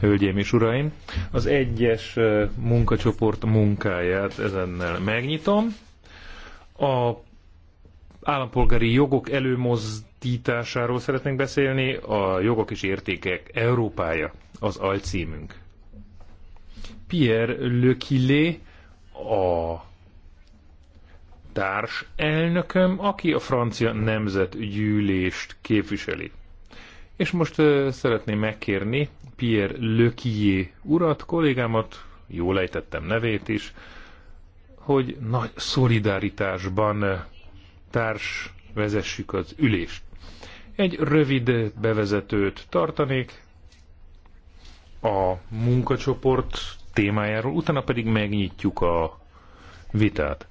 Hölgyeim és uraim, az egyes munkacsoport munkáját ezennel megnyitom. A állampolgári jogok előmozdításáról szeretnénk beszélni, a jogok és értékek Európája az alcímünk. Pierre Killet, a társ elnököm, aki a francia nemzetgyűlést képviseli. És most uh, szeretném megkérni Pierre Lequier urat, kollégámat, jól ejtettem nevét is, hogy nagy szolidaritásban társ vezessük az ülést. Egy rövid bevezetőt tartanék a munkacsoport témájáról, utána pedig megnyitjuk a vitát.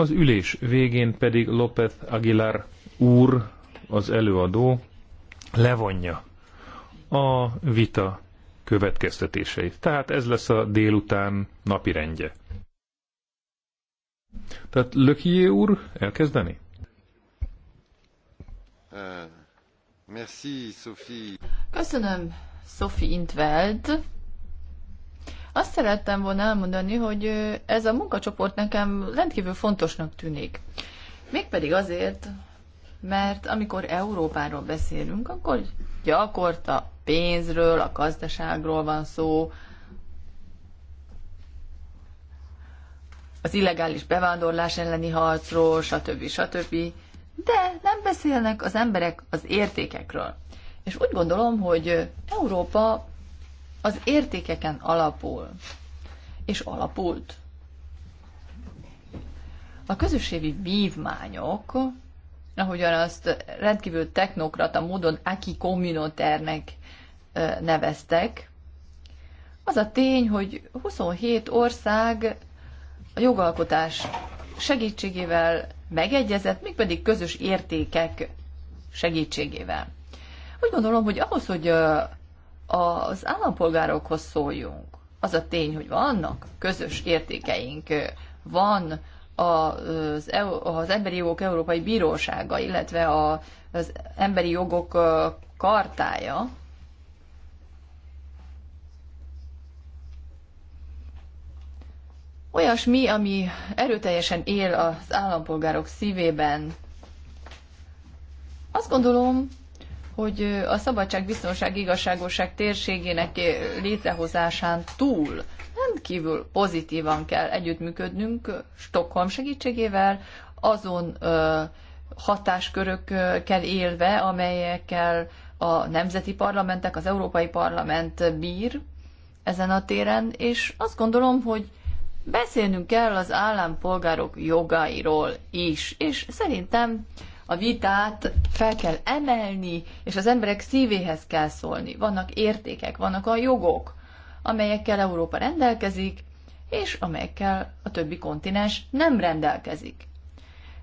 Az ülés végén pedig López Aguilar úr, az előadó, levonja a vita következtetéseit. Tehát ez lesz a délután napi rendje. Tehát Lökié úr, elkezdeni? Uh, merci, Sophie. Köszönöm, Sophie Intveld. Azt szerettem volna elmondani, hogy ez a munkacsoport nekem rendkívül fontosnak tűnik. Mégpedig azért, mert amikor Európáról beszélünk, akkor gyakorta pénzről, a gazdaságról van szó, az illegális bevándorlás elleni harcról, stb. stb. De nem beszélnek az emberek az értékekről. És úgy gondolom, hogy Európa az értékeken alapul, és alapult. A közösségi vívmányok, ahogyan azt rendkívül technokrata módon aki kommunoternek neveztek, az a tény, hogy 27 ország a jogalkotás segítségével megegyezett, mégpedig közös értékek segítségével. Úgy gondolom, hogy ahhoz, hogy az állampolgárokhoz szóljunk. Az a tény, hogy vannak közös értékeink, van az, e az Emberi Jogok Európai Bírósága, illetve az Emberi Jogok Kartája, olyasmi, ami erőteljesen él az állampolgárok szívében. Azt gondolom, hogy a szabadság, biztonság, igazságosság térségének létrehozásán túl rendkívül pozitívan kell együttműködnünk Stockholm segítségével, azon hatáskörökkel élve, amelyekkel a nemzeti parlamentek, az Európai Parlament bír ezen a téren, és azt gondolom, hogy beszélnünk kell az állampolgárok jogairól is, és szerintem a vitát fel kell emelni, és az emberek szívéhez kell szólni. Vannak értékek, vannak a jogok, amelyekkel Európa rendelkezik, és amelyekkel a többi kontinens nem rendelkezik.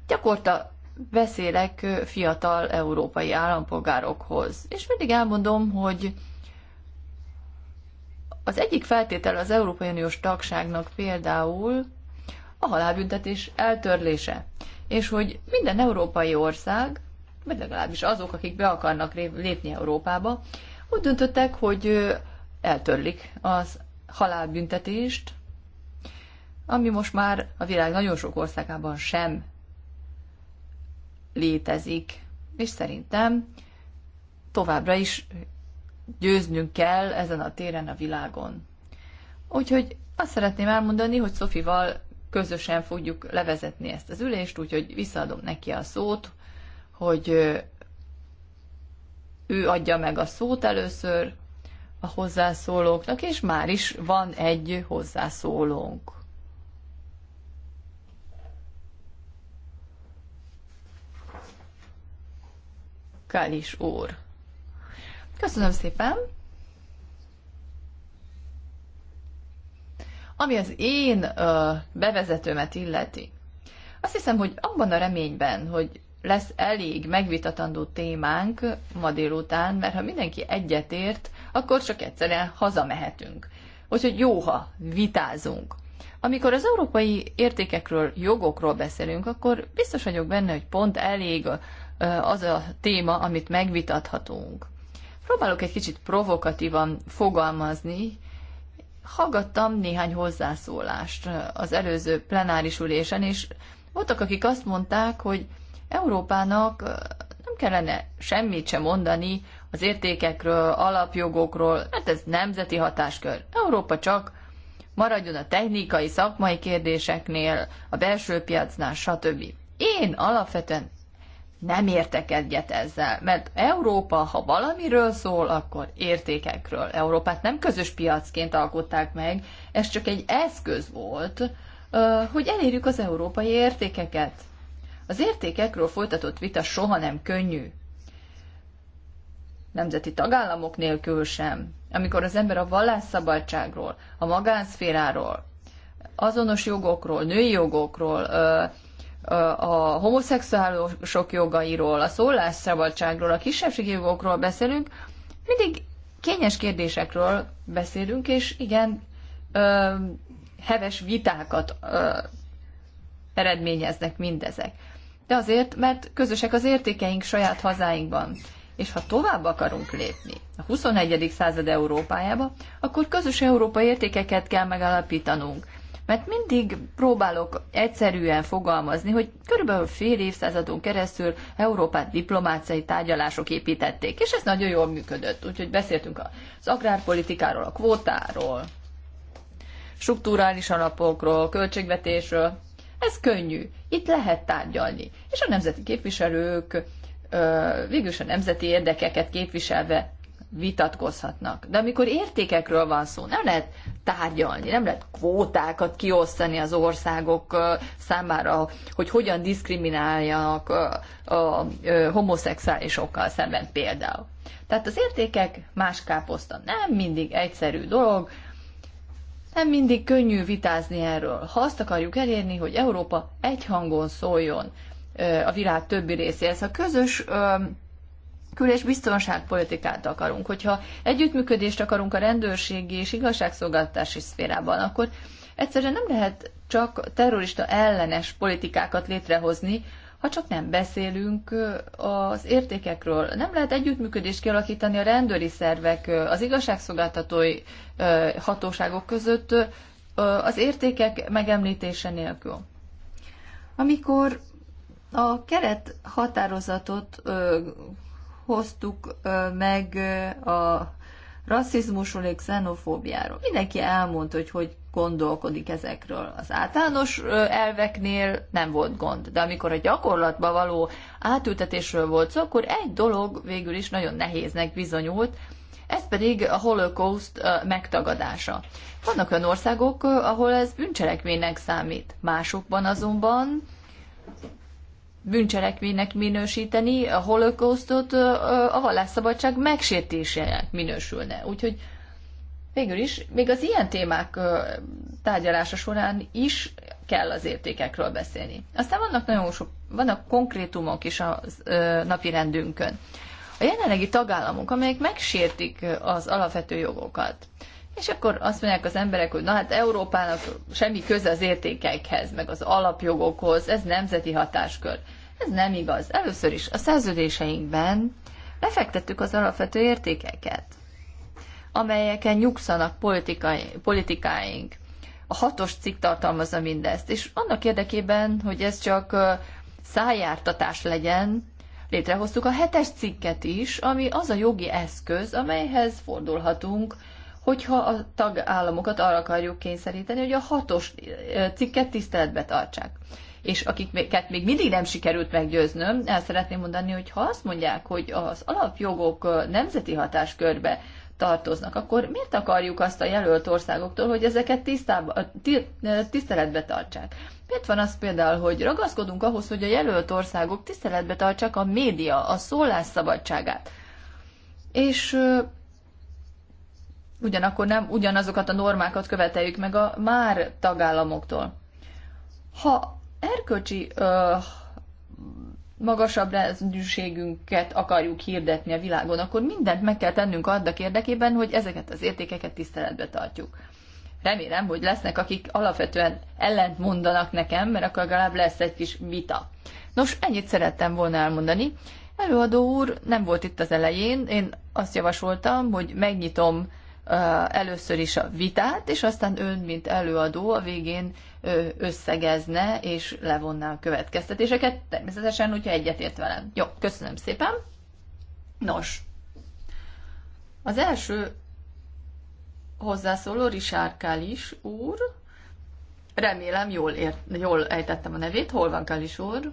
Gyakorta beszélek fiatal európai állampolgárokhoz, és mindig elmondom, hogy az egyik feltétel az Európai Uniós tagságnak például a halálbüntetés eltörlése és hogy minden európai ország, vagy legalábbis azok, akik be akarnak lépni Európába, úgy döntöttek, hogy eltörlik az halálbüntetést, ami most már a világ nagyon sok országában sem létezik. És szerintem továbbra is győznünk kell ezen a téren a világon. Úgyhogy azt szeretném elmondani, hogy Szofival közösen fogjuk levezetni ezt az ülést, úgyhogy visszaadom neki a szót, hogy ő adja meg a szót először a hozzászólóknak, és már is van egy hozzászólónk. Kális úr. Köszönöm szépen! Ami az én ö, bevezetőmet illeti, azt hiszem, hogy abban a reményben, hogy lesz elég megvitatandó témánk ma délután, mert ha mindenki egyetért, akkor csak egyszerűen hazamehetünk. Úgyhogy jó, ha vitázunk. Amikor az európai értékekről, jogokról beszélünk, akkor biztos vagyok benne, hogy pont elég az a téma, amit megvitathatunk. Próbálok egy kicsit provokatívan fogalmazni, hallgattam néhány hozzászólást az előző plenáris ülésen, és voltak, akik azt mondták, hogy Európának nem kellene semmit sem mondani az értékekről, alapjogokról, mert hát ez nemzeti hatáskör. Európa csak maradjon a technikai, szakmai kérdéseknél, a belső piacnál, stb. Én alapvetően nem értek egyet ezzel, mert Európa, ha valamiről szól, akkor értékekről. Európát nem közös piacként alkották meg, ez csak egy eszköz volt, hogy elérjük az európai értékeket. Az értékekről folytatott vita soha nem könnyű. Nemzeti tagállamok nélkül sem. Amikor az ember a vallásszabadságról, a magánszféráról, azonos jogokról, női jogokról, a homoszexuálisok jogairól, a szólásszabadságról, a kisebbségi jogokról beszélünk, mindig kényes kérdésekről beszélünk, és igen, ö, heves vitákat ö, eredményeznek mindezek. De azért, mert közösek az értékeink saját hazáinkban. És ha tovább akarunk lépni a 21. század Európájába, akkor közös európai értékeket kell megalapítanunk. Mert mindig próbálok egyszerűen fogalmazni, hogy körülbelül fél évszázadon keresztül Európát diplomáciai tárgyalások építették, és ez nagyon jól működött. Úgyhogy beszéltünk az agrárpolitikáról, a kvótáról, strukturális alapokról, költségvetésről. Ez könnyű. Itt lehet tárgyalni. És a nemzeti képviselők végülis a nemzeti érdekeket képviselve vitatkozhatnak. De amikor értékekről van szó, nem lehet tárgyalni, nem lehet kvótákat kiosztani az országok számára, hogy hogyan diszkrimináljanak a homoszexuálisokkal szemben például. Tehát az értékek más káposzta. Nem mindig egyszerű dolog, nem mindig könnyű vitázni erről. Ha azt akarjuk elérni, hogy Európa egyhangon szóljon a világ többi részéhez, a közös kül- és biztonságpolitikát akarunk, hogyha együttműködést akarunk a rendőrségi és igazságszolgáltatási szférában, akkor egyszerűen nem lehet csak terrorista ellenes politikákat létrehozni, ha csak nem beszélünk az értékekről. Nem lehet együttműködést kialakítani a rendőri szervek, az igazságszolgáltatói hatóságok között az értékek megemlítése nélkül. Amikor a keret határozatot hoztuk meg a rasszizmusról és xenofóbiáról. Mindenki elmondta, hogy hogy gondolkodik ezekről. Az általános elveknél nem volt gond, de amikor a gyakorlatba való átültetésről volt szó, akkor egy dolog végül is nagyon nehéznek bizonyult, ez pedig a holocaust megtagadása. Vannak olyan országok, ahol ez bűncselekménynek számít. Másokban azonban bűncselekménynek minősíteni, a holokausztot a vallásszabadság megsértésének minősülne. Úgyhogy végül is még az ilyen témák tárgyalása során is kell az értékekről beszélni. Aztán vannak nagyon sok, vannak konkrétumok is a napi rendünkön. A jelenlegi tagállamok, amelyek megsértik az alapvető jogokat, és akkor azt mondják az emberek, hogy na hát Európának semmi köze az értékekhez, meg az alapjogokhoz, ez nemzeti hatáskör. Ez nem igaz. Először is a szerződéseinkben lefektettük az alapvető értékeket, amelyeken nyugszanak politikai, politikáink. A hatos cikk tartalmazza mindezt, és annak érdekében, hogy ez csak szájártatás legyen, létrehoztuk a hetes cikket is, ami az a jogi eszköz, amelyhez fordulhatunk, hogyha a tagállamokat arra akarjuk kényszeríteni, hogy a hatos cikket tiszteletbe tartsák és akiket még mindig nem sikerült meggyőznöm, el szeretném mondani, hogy ha azt mondják, hogy az alapjogok nemzeti hatáskörbe tartoznak, akkor miért akarjuk azt a jelölt országoktól, hogy ezeket tiszteletbe tartsák? Miért van az például, hogy ragaszkodunk ahhoz, hogy a jelölt országok tiszteletbe tartsák a média, a szólás szabadságát? És ugyanakkor nem ugyanazokat a normákat követeljük meg a már tagállamoktól. Ha erkölcsi uh, magasabb rendűségünket akarjuk hirdetni a világon, akkor mindent meg kell tennünk annak érdekében, hogy ezeket az értékeket tiszteletbe tartjuk. Remélem, hogy lesznek, akik alapvetően ellent mondanak nekem, mert akkor legalább lesz egy kis vita. Nos, ennyit szerettem volna elmondani. Előadó úr nem volt itt az elején, én azt javasoltam, hogy megnyitom először is a vitát, és aztán ön, mint előadó a végén összegezne és levonná a következtetéseket, természetesen, hogyha egyetért velem. Jó, köszönöm szépen. Nos, az első hozzászóló Richard Kális úr, remélem jól, ért, jól ejtettem a nevét, hol van Kális úr?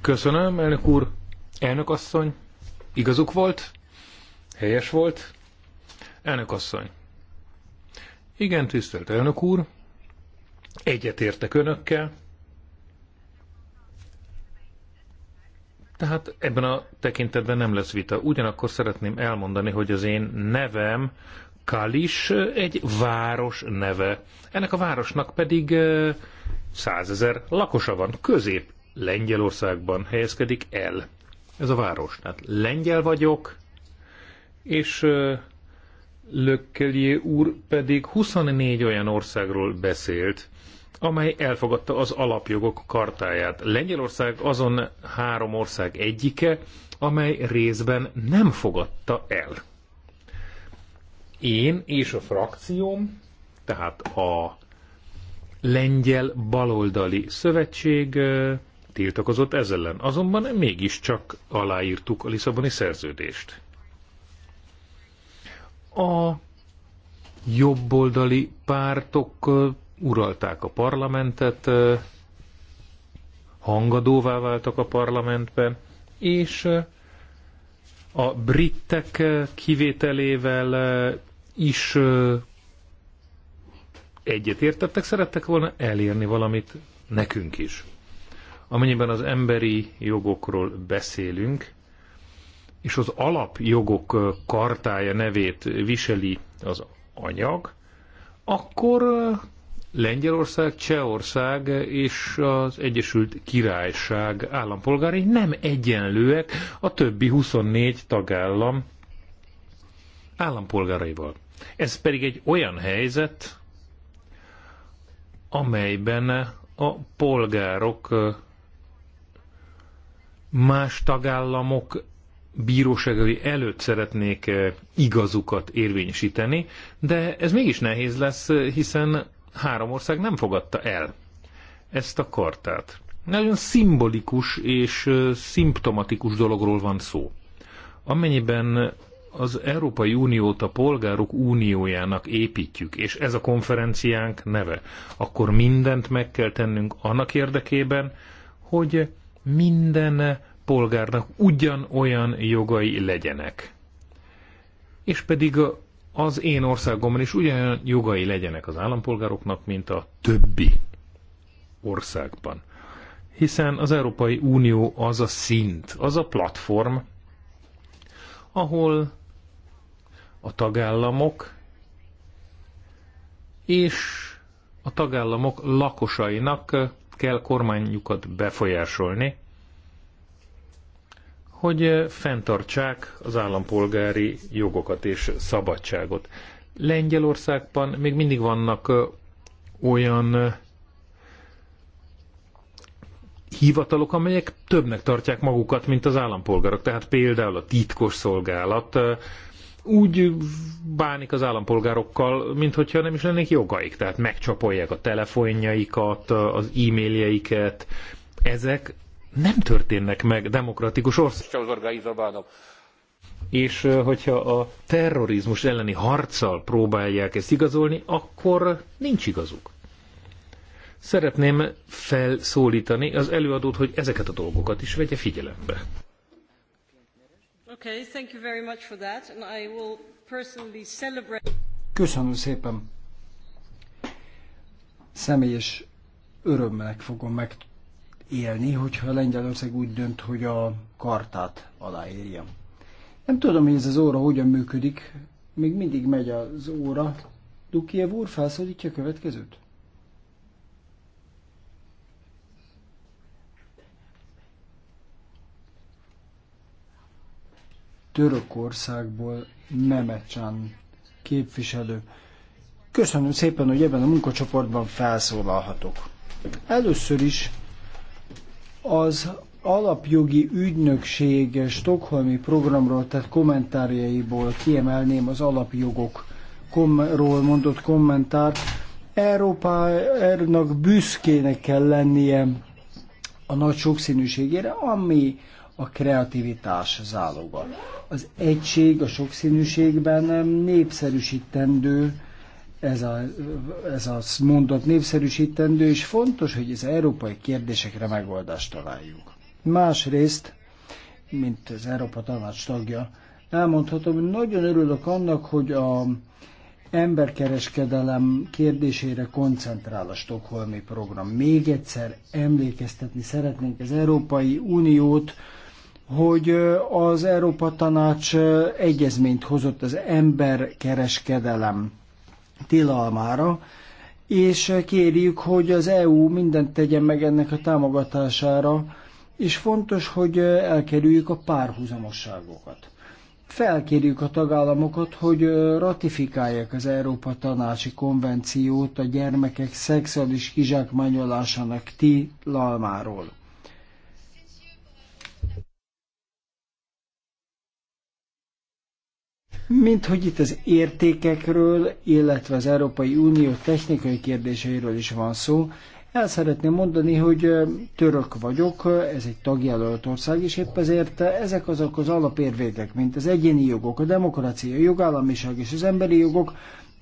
Köszönöm, elnök úr. Elnök asszony, igazuk volt? Helyes volt? Elnök asszony. Igen, tisztelt elnök úr, egyetértek önökkel. Tehát ebben a tekintetben nem lesz vita. Ugyanakkor szeretném elmondani, hogy az én nevem Kalis egy város neve. Ennek a városnak pedig százezer lakosa van. Közép Lengyelországban helyezkedik el ez a város. Tehát lengyel vagyok, és Lökkelié úr pedig 24 olyan országról beszélt, amely elfogadta az alapjogok kartáját. Lengyelország azon három ország egyike, amely részben nem fogadta el. Én és a frakcióm, tehát a Lengyel Baloldali Szövetség tiltakozott ez ellen, azonban mégiscsak aláírtuk a Lisszaboni szerződést. A jobboldali pártok uralták a parlamentet, hangadóvá váltak a parlamentben, és a britek kivételével is egyetértettek, szerettek volna elérni valamit nekünk is amennyiben az emberi jogokról beszélünk, és az alapjogok kartája nevét viseli az anyag, akkor Lengyelország, Csehország és az Egyesült Királyság állampolgárai nem egyenlőek a többi 24 tagállam állampolgáraival. Ez pedig egy olyan helyzet, amelyben a polgárok más tagállamok bíróságai előtt szeretnék eh, igazukat érvényesíteni, de ez mégis nehéz lesz, eh, hiszen három ország nem fogadta el ezt a kartát. Nagyon szimbolikus és eh, szimptomatikus dologról van szó. Amennyiben az Európai Uniót a Polgárok Uniójának építjük, és ez a konferenciánk neve, akkor mindent meg kell tennünk annak érdekében, hogy minden polgárnak ugyanolyan jogai legyenek. És pedig az én országomban is ugyanolyan jogai legyenek az állampolgároknak, mint a többi országban. Hiszen az Európai Unió az a szint, az a platform, ahol a tagállamok és a tagállamok lakosainak kell kormányukat befolyásolni, hogy eh, fenntartsák az állampolgári jogokat és szabadságot. Lengyelországban még mindig vannak eh, olyan eh, hivatalok, amelyek többnek tartják magukat, mint az állampolgárok. Tehát például a titkos szolgálat úgy bánik az állampolgárokkal, mint hogyha nem is lennék jogaik. Tehát megcsapolják a telefonjaikat, az e-mailjeiket. Ezek nem történnek meg demokratikus országban. És hogyha a terrorizmus elleni harccal próbálják ezt igazolni, akkor nincs igazuk. Szeretném felszólítani az előadót, hogy ezeket a dolgokat is vegye figyelembe. Okay, thank you very much for that, and I will personally celebrate. Köszönöm szépen. Személyes örömnek fogom megélni, hogyha Lengyelország úgy dönt, hogy a kartát aláírja. Nem tudom, hogy ez az óra hogyan működik, még mindig megy az óra. Dukiev úr felszólítja a következőt. Törökországból Memecsán képviselő. Köszönöm szépen, hogy ebben a munkacsoportban felszólalhatok. Először is az alapjogi ügynökség stokholmi programról, tehát kommentárjaiból kiemelném az alapjogok mondott kommentárt. Európának büszkének kell lennie a nagy sokszínűségére, ami a kreativitás záloga. Az egység a sokszínűségben népszerűsítendő, ez a, ez a mondat népszerűsítendő, és fontos, hogy az európai kérdésekre megoldást találjunk. Másrészt, mint az Európa Tanács tagja, elmondhatom, hogy nagyon örülök annak, hogy a emberkereskedelem kérdésére koncentrál a Stockholmi program. Még egyszer emlékeztetni szeretnénk az Európai Uniót hogy az Európa Tanács egyezményt hozott az emberkereskedelem tilalmára, és kérjük, hogy az EU mindent tegyen meg ennek a támogatására, és fontos, hogy elkerüljük a párhuzamosságokat. Felkérjük a tagállamokat, hogy ratifikálják az Európa Tanácsi Konvenciót a gyermekek szexuális kizsákmányolásának tilalmáról. mint hogy itt az értékekről, illetve az Európai Unió technikai kérdéseiről is van szó. El szeretném mondani, hogy török vagyok, ez egy tagjelölt ország, és épp ezért ezek azok az alapérvédek, mint az egyéni jogok, a demokrácia, a jogállamiság és az emberi jogok,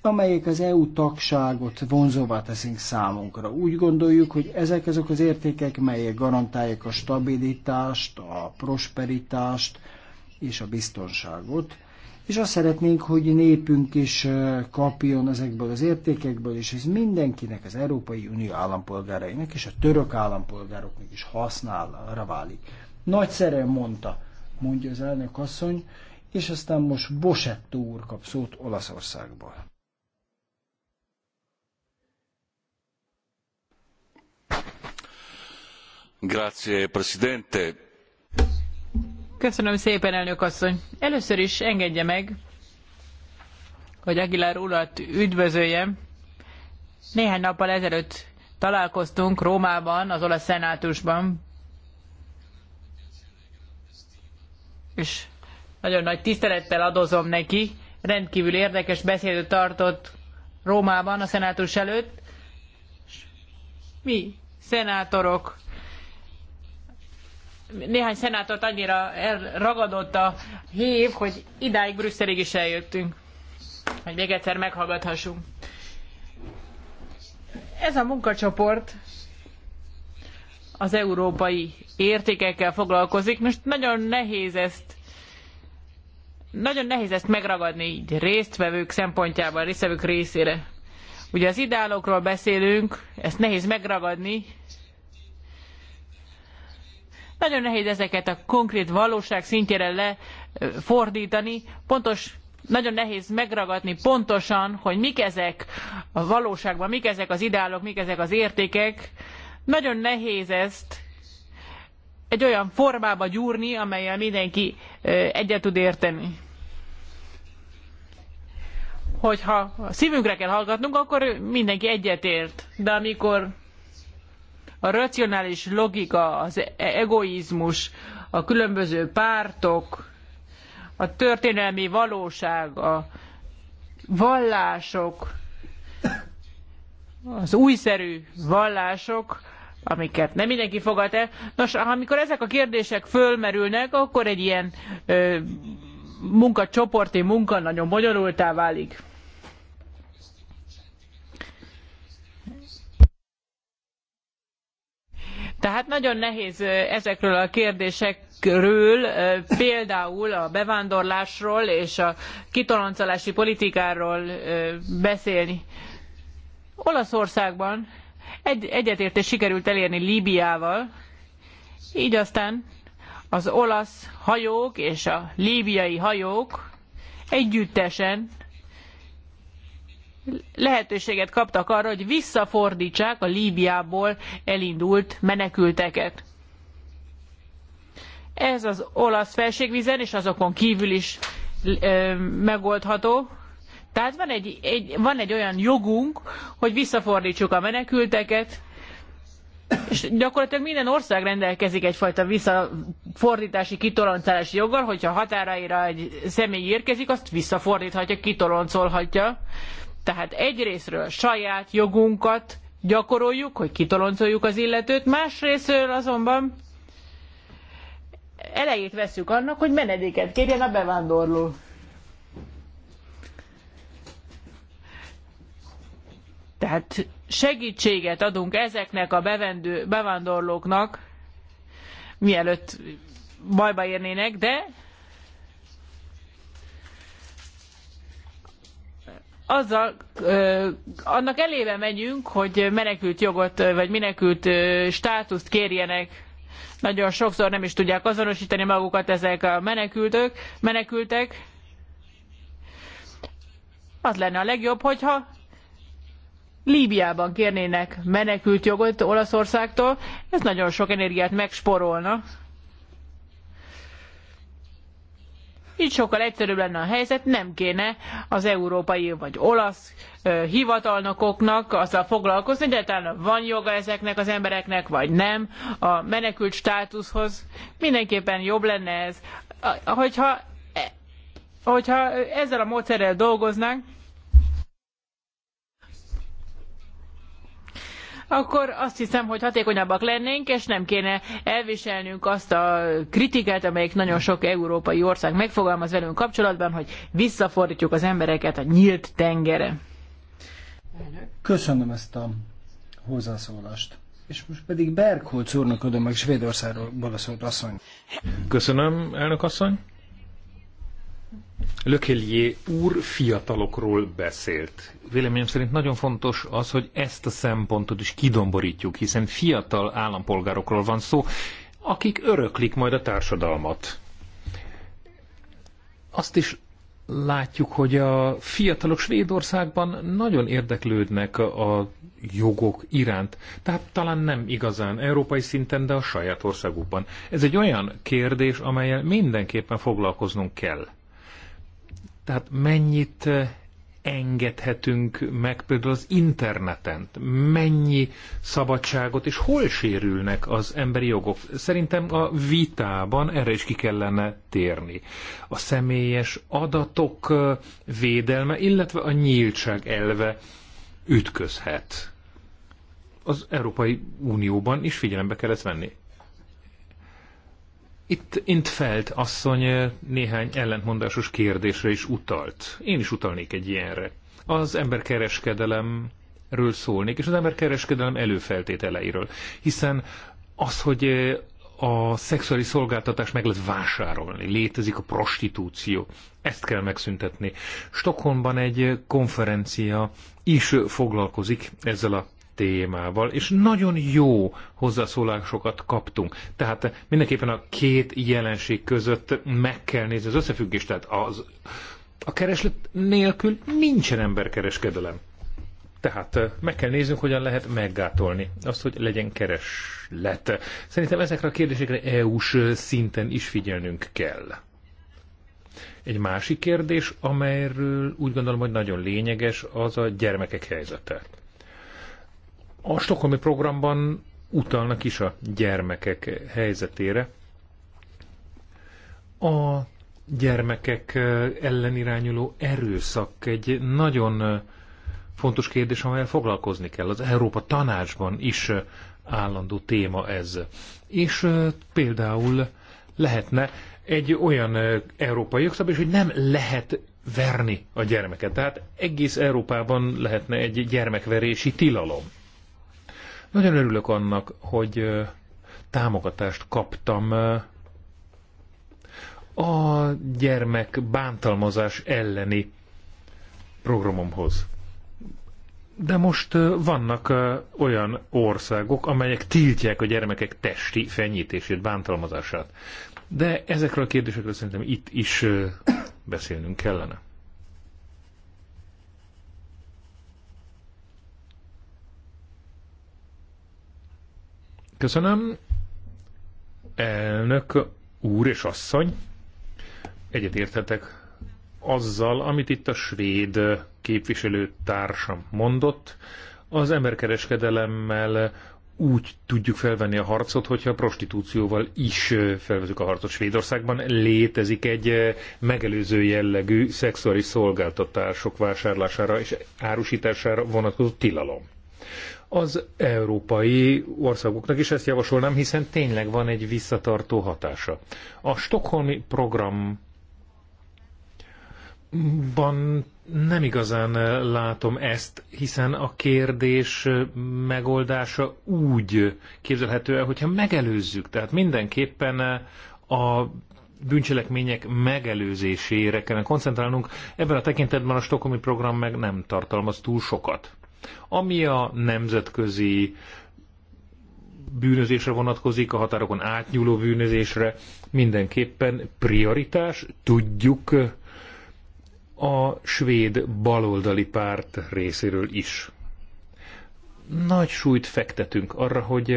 amelyek az EU tagságot vonzóvá teszünk számunkra. Úgy gondoljuk, hogy ezek azok az értékek, melyek garantálják a stabilitást, a prosperitást és a biztonságot és azt szeretnénk, hogy népünk is kapjon ezekből az értékekből, és ez mindenkinek, az Európai Unió állampolgárainak és a török állampolgároknak is használra válik. Nagyszerűen mondta, mondja az elnök asszony, és aztán most Bosettó úr kap szót Olaszországból. Grazie, Presidente Köszönöm szépen, elnök asszony. Először is engedje meg, hogy Aguilar urat üdvözöljem. Néhány nappal ezelőtt találkoztunk Rómában, az olasz szenátusban, és nagyon nagy tisztelettel adozom neki. Rendkívül érdekes beszédet tartott Rómában a szenátus előtt. Mi, szenátorok, néhány szenátort annyira elragadott a hív, hogy idáig Brüsszelig is eljöttünk, hogy még egyszer meghallgathassunk. Ez a munkacsoport az európai értékekkel foglalkozik. Most nagyon nehéz ezt nagyon nehéz ezt megragadni így résztvevők szempontjában, résztvevők részére. Ugye az ideálokról beszélünk, ezt nehéz megragadni, nagyon nehéz ezeket a konkrét valóság szintjére lefordítani. Pontos nagyon nehéz megragadni pontosan, hogy mik ezek a valóságban, mik ezek az ideálok, mik ezek az értékek. Nagyon nehéz ezt egy olyan formába gyúrni, amelyel mindenki egyet tud érteni. Hogyha a szívünkre kell hallgatnunk, akkor mindenki egyetért. De amikor a racionális logika, az e- egoizmus, a különböző pártok, a történelmi valóság, a vallások, az újszerű vallások, amiket nem mindenki fogad el. Nos, amikor ezek a kérdések fölmerülnek, akkor egy ilyen ö, munkacsoporti munka nagyon bonyolultá válik. Tehát nagyon nehéz ezekről a kérdésekről, például a bevándorlásról és a kitoloncolási politikáról beszélni. Olaszországban egy, egyetértés sikerült elérni Líbiával, így aztán az olasz hajók és a líbiai hajók együttesen lehetőséget kaptak arra, hogy visszafordítsák a Líbiából elindult menekülteket. Ez az olasz felségvizen és azokon kívül is ö, megoldható. Tehát van egy, egy, van egy olyan jogunk, hogy visszafordítsuk a menekülteket, és gyakorlatilag minden ország rendelkezik egyfajta visszafordítási, kitoloncolási joggal, hogyha határaira egy személy érkezik, azt visszafordíthatja, kitoloncolhatja. Tehát egyrésztről saját jogunkat gyakoroljuk, hogy kitoloncoljuk az illetőt, másrésztről azonban elejét veszük annak, hogy menedéket kérjen a bevándorló. Tehát segítséget adunk ezeknek a bevendő, bevándorlóknak, mielőtt bajba érnének, de azzal, annak elébe megyünk, hogy menekült jogot, vagy menekült státuszt kérjenek. Nagyon sokszor nem is tudják azonosítani magukat ezek a menekültök, menekültek. Az lenne a legjobb, hogyha Líbiában kérnének menekült jogot Olaszországtól, ez nagyon sok energiát megsporolna. Így sokkal egyszerűbb lenne a helyzet, nem kéne az európai vagy olasz hivatalnokoknak azzal foglalkozni, de talán van joga ezeknek az embereknek, vagy nem, a menekült státuszhoz. Mindenképpen jobb lenne ez, hogyha, e, hogyha ezzel a módszerrel dolgoznánk, akkor azt hiszem, hogy hatékonyabbak lennénk, és nem kéne elviselnünk azt a kritikát, amelyik nagyon sok európai ország megfogalmaz velünk kapcsolatban, hogy visszafordítjuk az embereket a nyílt tengere. Köszönöm ezt a hozzászólást. És most pedig Bergholz úrnak adom meg Svédországból a szót asszony. Köszönöm, elnök asszony. Lökélié úr fiatalokról beszélt. Véleményem szerint nagyon fontos az, hogy ezt a szempontot is kidomborítjuk, hiszen fiatal állampolgárokról van szó, akik öröklik majd a társadalmat. Azt is látjuk, hogy a fiatalok Svédországban nagyon érdeklődnek a jogok iránt. Tehát talán nem igazán európai szinten, de a saját országukban. Ez egy olyan kérdés, amelyel mindenképpen foglalkoznunk kell. Tehát mennyit eh, engedhetünk meg például az interneten? Mennyi szabadságot és hol sérülnek az emberi jogok? Szerintem a vitában erre is ki kellene térni. A személyes adatok eh, védelme, illetve a nyíltság elve ütközhet. Az Európai Unióban is figyelembe kell ezt venni. Itt Intfeld asszony néhány ellentmondásos kérdésre is utalt. Én is utalnék egy ilyenre. Az emberkereskedelemről szólnék, és az emberkereskedelem előfeltételeiről. Hiszen az, hogy a szexuális szolgáltatás meg lehet vásárolni, létezik a prostitúció, ezt kell megszüntetni. Stockholmban egy konferencia is foglalkozik ezzel a témával, és nagyon jó hozzászólásokat kaptunk. Tehát mindenképpen a két jelenség között meg kell nézni az összefüggést, tehát az, a kereslet nélkül nincsen emberkereskedelem. Tehát meg kell néznünk, hogyan lehet meggátolni azt, hogy legyen kereslet. Szerintem ezekre a kérdésekre EU-s szinten is figyelnünk kell. Egy másik kérdés, amelyről úgy gondolom, hogy nagyon lényeges, az a gyermekek helyzete. A stokholmi programban utalnak is a gyermekek helyzetére. A gyermekek eh, ellen irányuló erőszak egy nagyon eh, fontos kérdés, amelyel foglalkozni kell. Az Európa Tanácsban is eh, állandó téma ez. És például lehetne egy olyan európai jogszabály, hogy nem lehet verni a gyermeket. Tehát egész Európában lehetne egy gyermekverési tilalom. Nagyon örülök annak, hogy támogatást kaptam a gyermek bántalmazás elleni programomhoz. De most vannak olyan országok, amelyek tiltják a gyermekek testi fenyítését, bántalmazását. De ezekről a kérdésekről szerintem itt is beszélnünk kellene. Köszönöm. Elnök úr és asszony, egyetérthetek azzal, amit itt a svéd képviselőtársam mondott. Az emberkereskedelemmel úgy tudjuk felvenni a harcot, hogyha a prostitúcióval is felvezük a harcot. Svédországban létezik egy megelőző jellegű szexuális szolgáltatások vásárlására és árusítására vonatkozó tilalom az európai országoknak is ezt javasolnám, hiszen tényleg van egy visszatartó hatása. A Stockholmi programban nem igazán látom ezt, hiszen a kérdés megoldása úgy képzelhető el, hogyha megelőzzük. Tehát mindenképpen a bűncselekmények megelőzésére kellene koncentrálnunk. Ebben a tekintetben a Stokomi program meg nem tartalmaz túl sokat. Ami a nemzetközi bűnözésre vonatkozik, a határokon átnyúló bűnözésre, mindenképpen prioritás. Tudjuk a svéd baloldali párt részéről is. Nagy súlyt fektetünk arra, hogy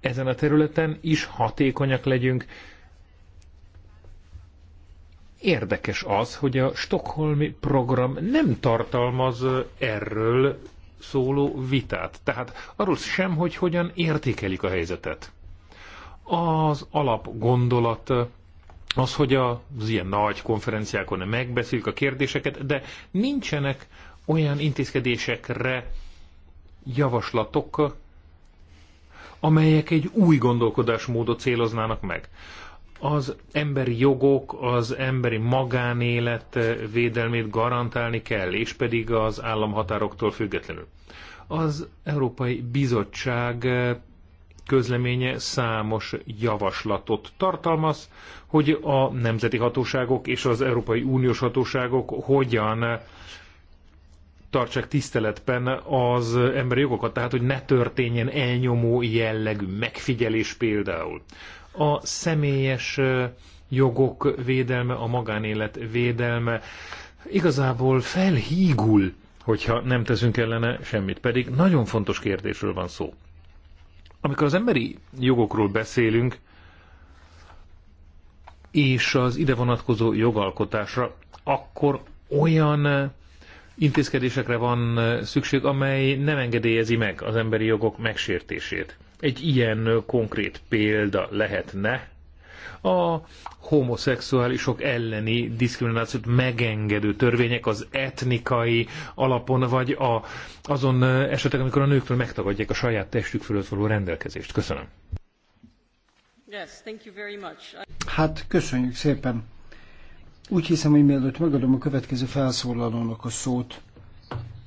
ezen a területen is hatékonyak legyünk. Érdekes az, hogy a Stockholmi program nem tartalmaz erről szóló vitát. Tehát arról sem, hogy hogyan értékelik a helyzetet. Az alap gondolat az, hogy az ilyen nagy konferenciákon megbeszéljük a kérdéseket, de nincsenek olyan intézkedésekre javaslatok, amelyek egy új gondolkodásmódot céloznának meg az emberi jogok, az emberi magánélet eh, védelmét garantálni kell, és pedig az államhatároktól függetlenül. Az Európai Bizottság eh, közleménye számos javaslatot tartalmaz, hogy a nemzeti hatóságok és az Európai Uniós hatóságok hogyan eh, tartsák tiszteletben az emberi jogokat, tehát hogy ne történjen elnyomó jellegű megfigyelés például a személyes jogok védelme, a magánélet védelme igazából felhígul, hogyha nem teszünk ellene semmit. Pedig nagyon fontos kérdésről van szó. Amikor az emberi jogokról beszélünk, és az ide vonatkozó jogalkotásra, akkor olyan intézkedésekre van szükség, amely nem engedélyezi meg az emberi jogok megsértését. Egy ilyen konkrét példa lehetne a homoszexuálisok elleni diszkriminációt megengedő törvények az etnikai alapon, vagy a, azon esetek, amikor a nőktől megtagadják a saját testük fölött való rendelkezést. Köszönöm. Yes, thank you very much. Hát köszönjük szépen. Úgy hiszem, hogy mielőtt megadom a következő felszólalónak a szót,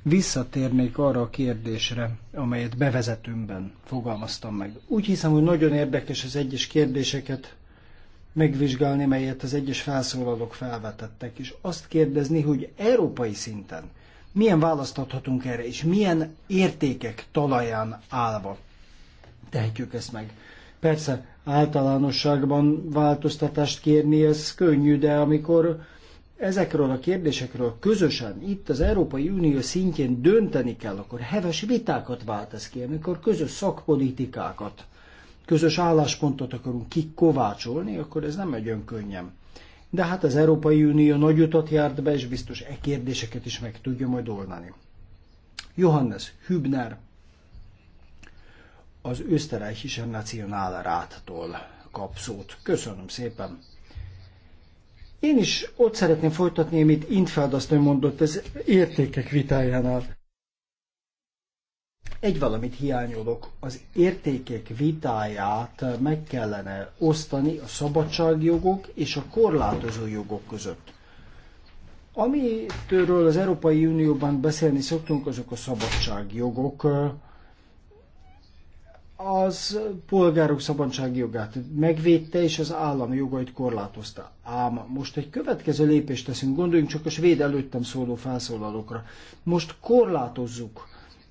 visszatérnék arra a kérdésre, amelyet bevezetőmben fogalmaztam meg. Úgy hiszem, hogy nagyon érdekes az egyes kérdéseket megvizsgálni, melyet az egyes felszólalók felvetettek, és azt kérdezni, hogy európai szinten milyen választ adhatunk erre, és milyen értékek talaján állva tehetjük ezt meg. Persze általánosságban változtatást kérni, ez könnyű, de amikor ezekről a kérdésekről közösen itt az Európai Unió szintjén dönteni kell, akkor heves vitákat vált ez ki, amikor közös szakpolitikákat, közös álláspontot akarunk kikovácsolni, akkor ez nem egy könnyen. De hát az Európai Unió nagy utat járt be, és biztos e kérdéseket is meg tudja majd oldani. Johannes Hübner az Österreichische Nationalráttól kap szót. Köszönöm szépen! Én is ott szeretném folytatni, amit Intfeld asszony mondott ez értékek vitájánál. Egy valamit hiányolok, az értékek vitáját meg kellene osztani a szabadságjogok és a korlátozó jogok között. Amitől az Európai Unióban beszélni szoktunk, azok a szabadságjogok, az polgárok szabadságjogát megvédte, és az állam jogait korlátozta. Ám most egy következő lépést teszünk, gondoljunk csak a svéd előttem szóló felszólalókra. Most korlátozzuk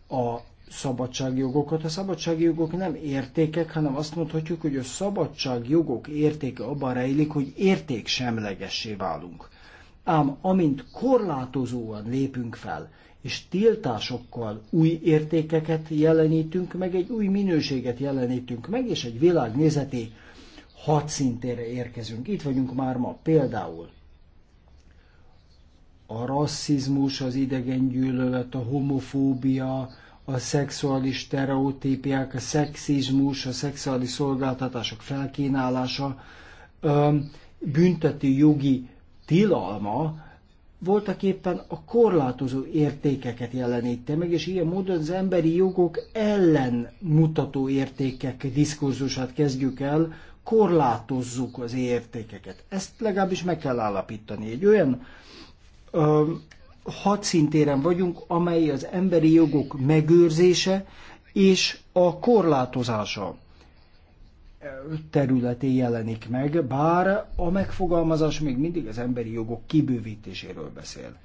a szabadságjogokat. A szabadságjogok nem értékek, hanem azt mondhatjuk, hogy a szabadságjogok értéke abban rejlik, hogy érték semlegessé válunk. Ám amint korlátozóan lépünk fel, és tiltásokkal új értékeket jelenítünk meg, egy új minőséget jelenítünk meg, és egy világnézeti hadszintére érkezünk. Itt vagyunk már ma például a rasszizmus, az idegengyűlölet, a homofóbia, a szexuális stereotípiák, a szexizmus, a szexuális szolgáltatások felkínálása, büntető jogi tilalma, voltak éppen a korlátozó értékeket jelenítte meg, és ilyen módon az emberi jogok ellen mutató értékek diskurzusát kezdjük el, korlátozzuk az értékeket. Ezt legalábbis meg kell állapítani. Egy olyan ö, szintéren vagyunk, amely az emberi jogok megőrzése és a korlátozása területén jelenik meg, bár a megfogalmazás még mindig az emberi jogok kibővítéséről beszél.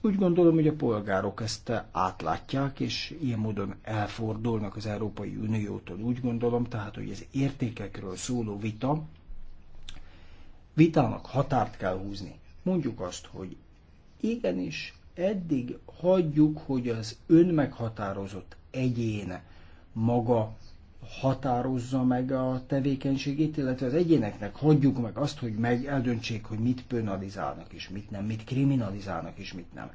Úgy gondolom, hogy a polgárok ezt átlátják, és ilyen módon elfordulnak az Európai Uniótól. Úgy gondolom tehát, hogy az értékekről szóló vita, vitának határt kell húzni. Mondjuk azt, hogy igenis, eddig hagyjuk, hogy az önmeghatározott egyéne maga határozza meg a tevékenységét, illetve az egyéneknek hagyjuk meg azt, hogy meg eldöntsék, hogy mit penalizálnak és mit nem, mit kriminalizálnak és mit nem.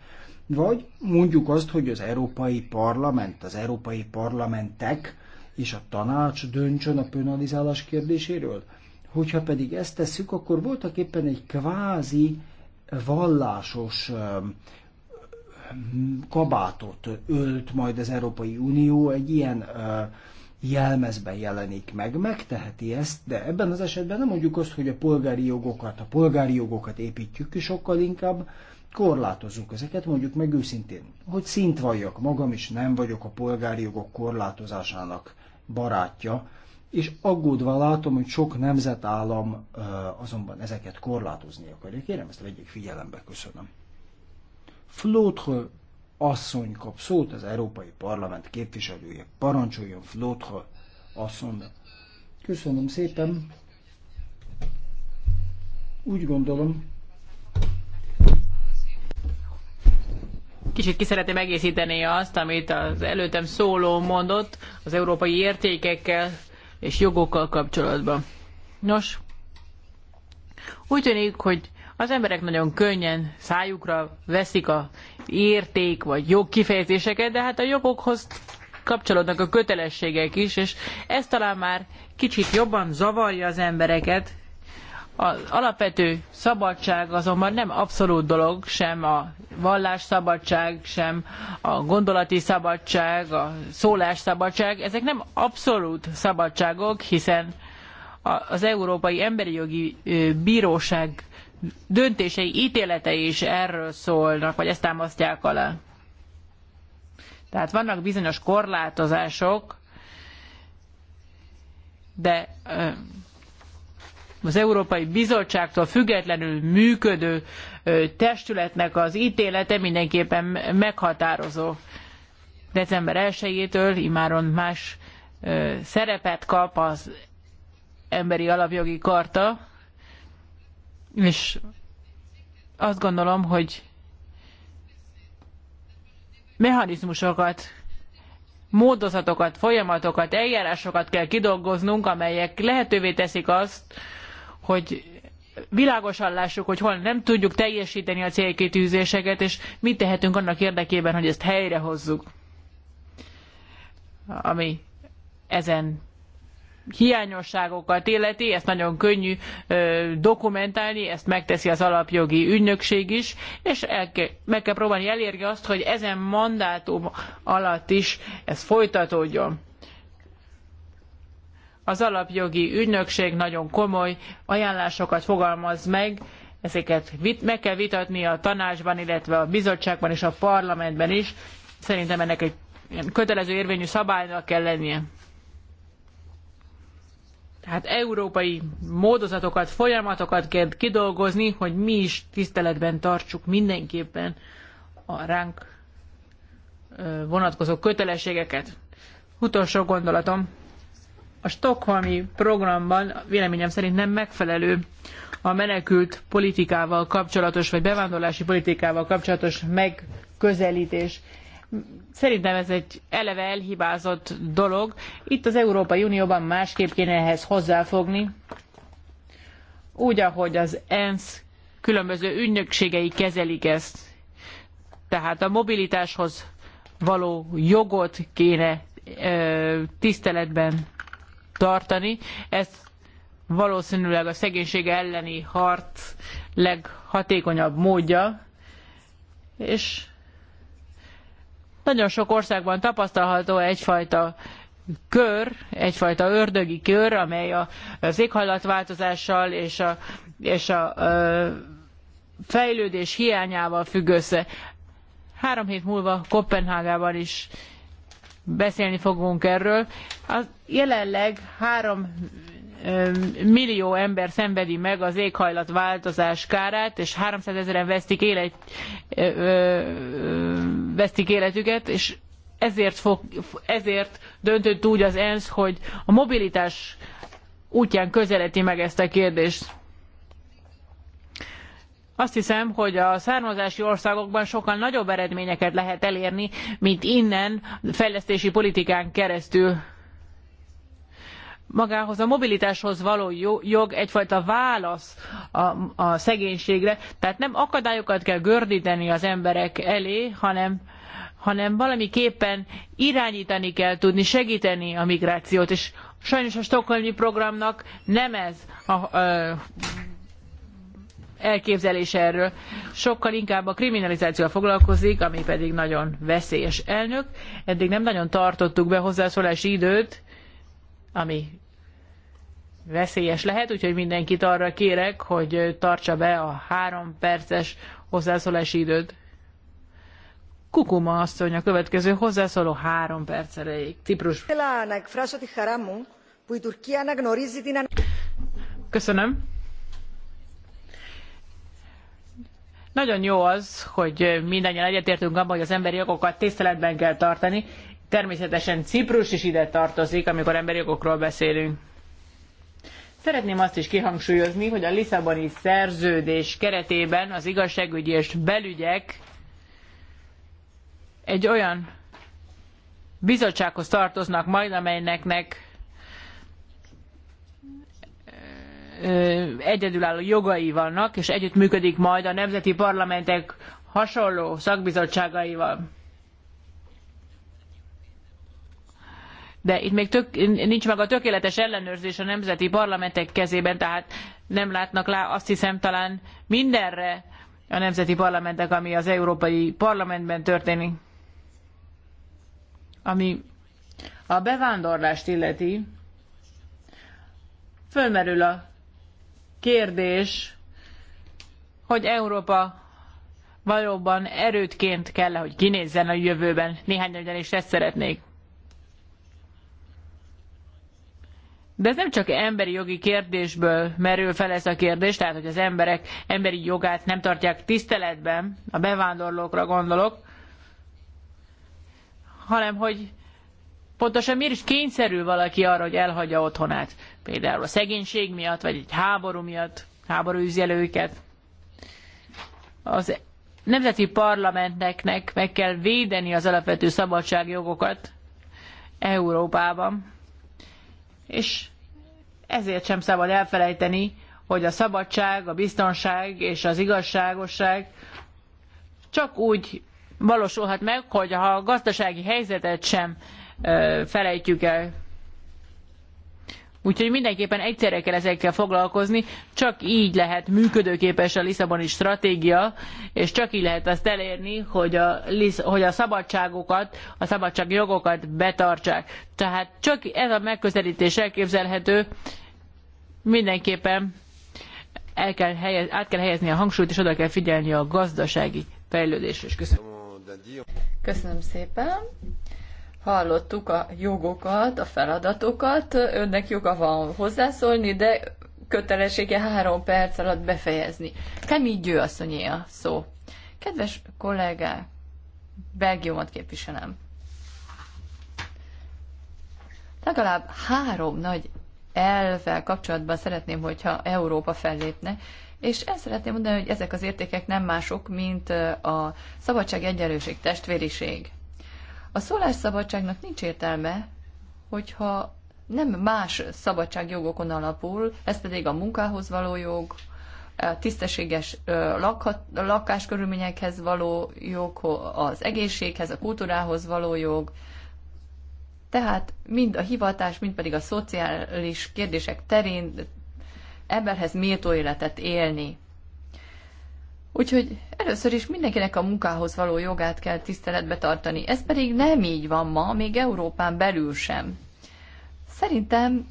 Vagy mondjuk azt, hogy az Európai Parlament, az Európai Parlamentek és a tanács döntsön a penalizálás kérdéséről. Hogyha pedig ezt tesszük, akkor voltak éppen egy kvázi vallásos kabátot ölt majd az Európai Unió, egy ilyen uh, jelmezben jelenik meg, megteheti ezt, de ebben az esetben nem mondjuk azt, hogy a polgári jogokat, a polgári jogokat építjük, ki sokkal inkább korlátozunk ezeket, mondjuk meg őszintén, hogy szint vagyok, magam is, nem vagyok a polgári jogok korlátozásának barátja, és aggódva látom, hogy sok nemzetállam azonban ezeket korlátozni akarja. Kérem, ezt vegyék figyelembe, köszönöm. Flótről asszony kap szót, az Európai Parlament képviselője. Parancsoljon Flótha asszony. Köszönöm szépen. Úgy gondolom, Kicsit ki szeretném egészíteni azt, amit az előttem szóló mondott az európai értékekkel és jogokkal kapcsolatban. Nos, úgy tűnik, hogy az emberek nagyon könnyen szájukra veszik a érték vagy jogkifejezéseket, de hát a jogokhoz kapcsolódnak a kötelességek is, és ez talán már kicsit jobban zavarja az embereket. Az alapvető szabadság azonban nem abszolút dolog, sem a vallásszabadság, sem a gondolati szabadság, a szólásszabadság. Ezek nem abszolút szabadságok, hiszen az Európai Emberi Jogi Bíróság döntései, ítéletei is erről szólnak, vagy ezt támasztják alá. Tehát vannak bizonyos korlátozások, de az Európai Bizottságtól függetlenül működő testületnek az ítélete mindenképpen meghatározó. December 1-től imáron más szerepet kap az emberi alapjogi karta, és azt gondolom, hogy mechanizmusokat, módozatokat, folyamatokat, eljárásokat kell kidolgoznunk, amelyek lehetővé teszik azt, hogy világosan lássuk, hogy hol nem tudjuk teljesíteni a célkitűzéseket, és mit tehetünk annak érdekében, hogy ezt helyrehozzuk. Ami ezen hiányosságokat illeti, ezt nagyon könnyű ö, dokumentálni, ezt megteszi az alapjogi ügynökség is, és el kell, meg kell próbálni elérni azt, hogy ezen mandátum alatt is ez folytatódjon. Az alapjogi ügynökség nagyon komoly ajánlásokat fogalmaz meg, ezeket vit, meg kell vitatni a tanácsban, illetve a bizottságban és a parlamentben is. Szerintem ennek egy kötelező érvényű szabálynak kell lennie tehát európai módozatokat, folyamatokat kell kidolgozni, hogy mi is tiszteletben tartsuk mindenképpen a ránk vonatkozó kötelességeket. Utolsó gondolatom. A stokholmi programban véleményem szerint nem megfelelő a menekült politikával kapcsolatos, vagy bevándorlási politikával kapcsolatos megközelítés. Szerintem ez egy eleve elhibázott dolog. Itt az Európai Unióban másképp kéne ehhez hozzáfogni. Úgy, ahogy az ENSZ különböző ügynökségei kezelik ezt. Tehát a mobilitáshoz való jogot kéne ö, tiszteletben tartani. Ez valószínűleg a szegénység elleni harc leghatékonyabb módja, és nagyon sok országban tapasztalható egyfajta kör, egyfajta ördögi kör, amely a, az éghajlatváltozással és a, és a fejlődés hiányával függ össze. Három hét múlva Kopenhágában is beszélni fogunk erről. Az jelenleg három millió ember szenvedi meg az éghajlatváltozás kárát, és 300 ezeren vesztik, élet, vesztik életüket, és ezért, fog, ezért döntött úgy az ENSZ, hogy a mobilitás útján közelíti meg ezt a kérdést. Azt hiszem, hogy a származási országokban sokkal nagyobb eredményeket lehet elérni, mint innen fejlesztési politikán keresztül magához a mobilitáshoz való jog egyfajta válasz a, a szegénységre. Tehát nem akadályokat kell gördíteni az emberek elé, hanem, hanem valamiképpen irányítani kell tudni, segíteni a migrációt. És sajnos a Stockholmi programnak nem ez a, a elképzelése erről. Sokkal inkább a kriminalizációval foglalkozik, ami pedig nagyon veszélyes. Elnök, eddig nem nagyon tartottuk be hozzászólási időt, ami veszélyes lehet, úgyhogy mindenkit arra kérek, hogy tartsa be a három perces hozzászólási időt. Kukuma asszony a következő hozzászóló három perc erejéig. Ciprus. Köszönöm. Nagyon jó az, hogy mindannyian egyetértünk abban, hogy az emberi jogokat tiszteletben kell tartani. Természetesen Ciprus is ide tartozik, amikor emberi jogokról beszélünk. Szeretném azt is kihangsúlyozni, hogy a Lisszaboni szerződés keretében az igazságügyi és belügyek egy olyan bizottsághoz tartoznak majd, amelynek egyedülálló jogai vannak, és együttműködik majd a nemzeti parlamentek hasonló szakbizottságaival. de itt még tök, nincs meg a tökéletes ellenőrzés a nemzeti parlamentek kezében, tehát nem látnak lá, azt hiszem talán mindenre a nemzeti parlamentek, ami az Európai Parlamentben történik. Ami a bevándorlást illeti, fölmerül a kérdés, hogy Európa valóban erődként kell, hogy kinézzen a jövőben. Néhány ugyanis ezt szeretnék. De ez nem csak emberi jogi kérdésből merül fel ez a kérdés, tehát hogy az emberek emberi jogát nem tartják tiszteletben, a bevándorlókra gondolok, hanem hogy pontosan miért is kényszerül valaki arra, hogy elhagyja otthonát. Például a szegénység miatt, vagy egy háború miatt, háború üzjelőket. Az nemzeti parlamentnek meg kell védeni az alapvető szabadságjogokat Európában és ezért sem szabad elfelejteni, hogy a szabadság, a biztonság és az igazságosság csak úgy valósulhat meg, hogy ha a gazdasági helyzetet sem felejtjük el Úgyhogy mindenképpen egyszerre kell ezekkel foglalkozni, csak így lehet működőképes a Lisszaboni stratégia, és csak így lehet azt elérni, hogy a, hogy a szabadságokat, a szabadságjogokat betartsák. Tehát csak ez a megközelítés elképzelhető, mindenképpen el kell helyez, át kell helyezni a hangsúlyt, és oda kell figyelni a gazdasági fejlődésre. Köszönöm. Köszönöm szépen hallottuk a jogokat, a feladatokat, önnek joga van hozzászólni, de kötelessége három perc alatt befejezni. Kemény Győ a szó. Kedves kollégá, Belgiumot képviselem. Legalább három nagy elvvel kapcsolatban szeretném, hogyha Európa fellépne, és ezt szeretném mondani, hogy ezek az értékek nem mások, mint a szabadság, egyenlőség, testvériség. A szólásszabadságnak nincs értelme, hogyha nem más szabadságjogokon alapul, ez pedig a munkához való jog, a tisztességes lakáskörülményekhez való jog, az egészséghez, a kultúrához való jog. Tehát mind a hivatás, mind pedig a szociális kérdések terén emberhez méltó életet élni. Úgyhogy Először is mindenkinek a munkához való jogát kell tiszteletbe tartani. Ez pedig nem így van ma, még Európán belül sem. Szerintem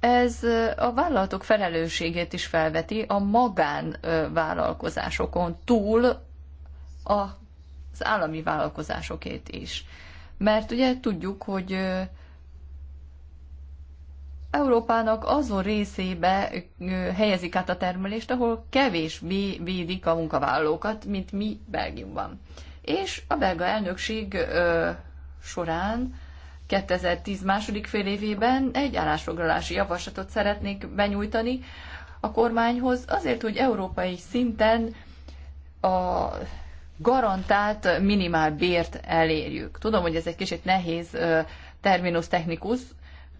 ez a vállalatok felelősségét is felveti a magánvállalkozásokon túl az állami vállalkozásokét is. Mert ugye tudjuk, hogy Európának azon részébe helyezik át a termelést, ahol kevésbé védik a munkavállalókat, mint mi Belgiumban. És a belga elnökség során 2010 második fél évében egy állásfoglalási javaslatot szeretnék benyújtani a kormányhoz, azért, hogy európai szinten a garantált minimál bért elérjük. Tudom, hogy ez egy kicsit nehéz terminus technikus,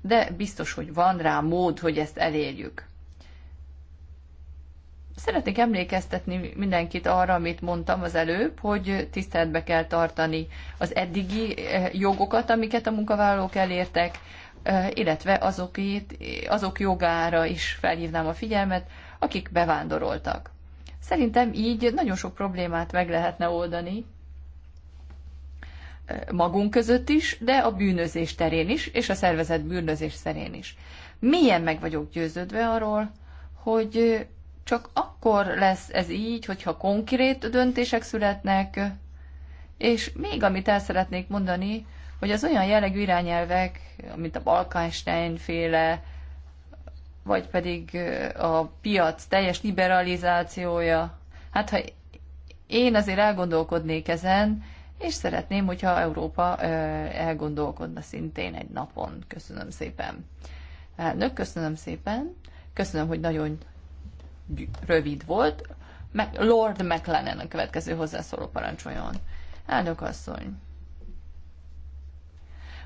de biztos, hogy van rá mód, hogy ezt elérjük. Szeretnék emlékeztetni mindenkit arra, amit mondtam az előbb, hogy tiszteletbe kell tartani az eddigi eh, jogokat, amiket a munkavállalók elértek, eh, illetve azokét, azok jogára is felhívnám a figyelmet, akik bevándoroltak. Szerintem így nagyon sok problémát meg lehetne oldani, magunk között is, de a bűnözés terén is, és a szervezet bűnözés terén is. Milyen meg vagyok győződve arról, hogy csak akkor lesz ez így, hogyha konkrét döntések születnek, és még amit el szeretnék mondani, hogy az olyan jellegű irányelvek, mint a Balkánstein féle, vagy pedig a piac teljes liberalizációja, hát ha én azért elgondolkodnék ezen, és szeretném, hogyha Európa elgondolkodna szintén egy napon. Köszönöm szépen. Nök, köszönöm szépen. Köszönöm, hogy nagyon rövid volt. Lord McLennan a következő hozzászóló parancsoljon. Elnök asszony.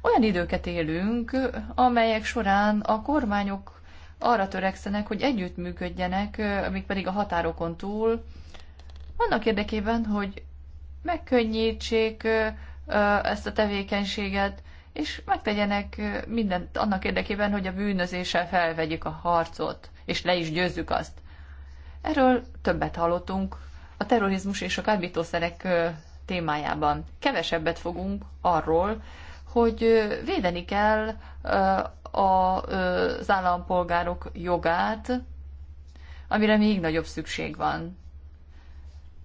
Olyan időket élünk, amelyek során a kormányok arra törekszenek, hogy együttműködjenek, amik pedig a határokon túl, annak érdekében, hogy megkönnyítsék ezt a tevékenységet, és megtegyenek mindent annak érdekében, hogy a bűnözéssel felvegyük a harcot, és le is győzzük azt. Erről többet hallottunk a terrorizmus és a kábítószerek témájában. Kevesebbet fogunk arról, hogy védeni kell az állampolgárok jogát, amire még nagyobb szükség van.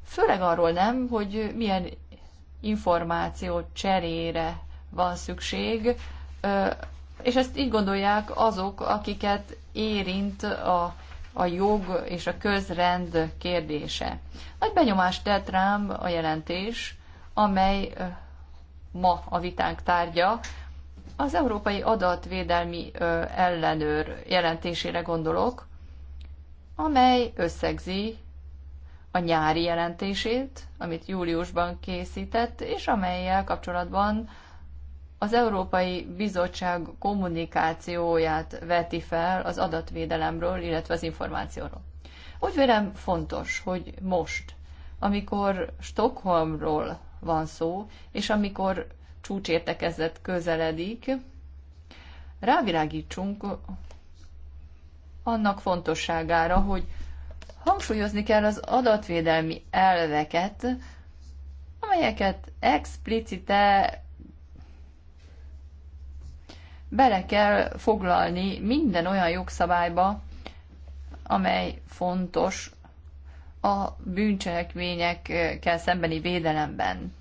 Főleg arról nem, hogy milyen információ cserére van szükség, és ezt így gondolják azok, akiket érint a, a jog és a közrend kérdése. Nagy benyomást tett rám a jelentés, amely ma a vitánk tárgya, az Európai Adatvédelmi Ellenőr jelentésére gondolok, amely összegzi a nyári jelentését, amit júliusban készített, és amelyel kapcsolatban az Európai Bizottság kommunikációját veti fel az adatvédelemről, illetve az információról. Úgy vélem fontos, hogy most, amikor Stockholmról van szó, és amikor csúcsértekezett közeledik, rávilágítsunk annak fontosságára, hogy hangsúlyozni kell az adatvédelmi elveket, amelyeket explicite bele kell foglalni minden olyan jogszabályba, amely fontos a bűncselekményekkel szembeni védelemben.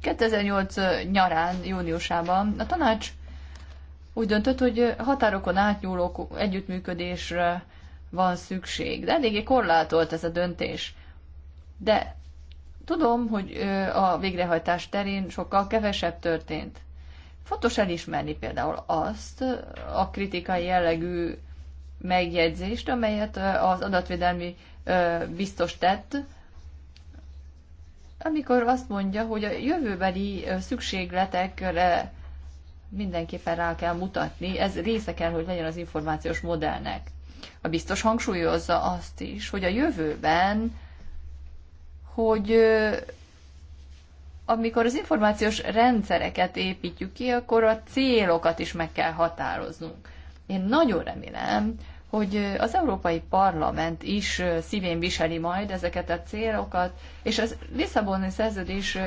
2008 nyarán, júniusában a tanács úgy döntött, hogy határokon átnyúló együttműködésre van szükség. De eléggé korlátolt ez a döntés. De tudom, hogy a végrehajtás terén sokkal kevesebb történt. Fontos elismerni például azt a kritikai jellegű megjegyzést, amelyet az adatvédelmi biztos tett, amikor azt mondja, hogy a jövőbeli szükségletekre mindenképpen rá kell mutatni, ez része kell, hogy legyen az információs modellnek. A biztos hangsúlyozza azt is, hogy a jövőben, hogy amikor az információs rendszereket építjük ki, akkor a célokat is meg kell határoznunk. Én nagyon remélem, hogy az Európai Parlament is szívén viseli majd ezeket a célokat, és az Lisszaboni szerződés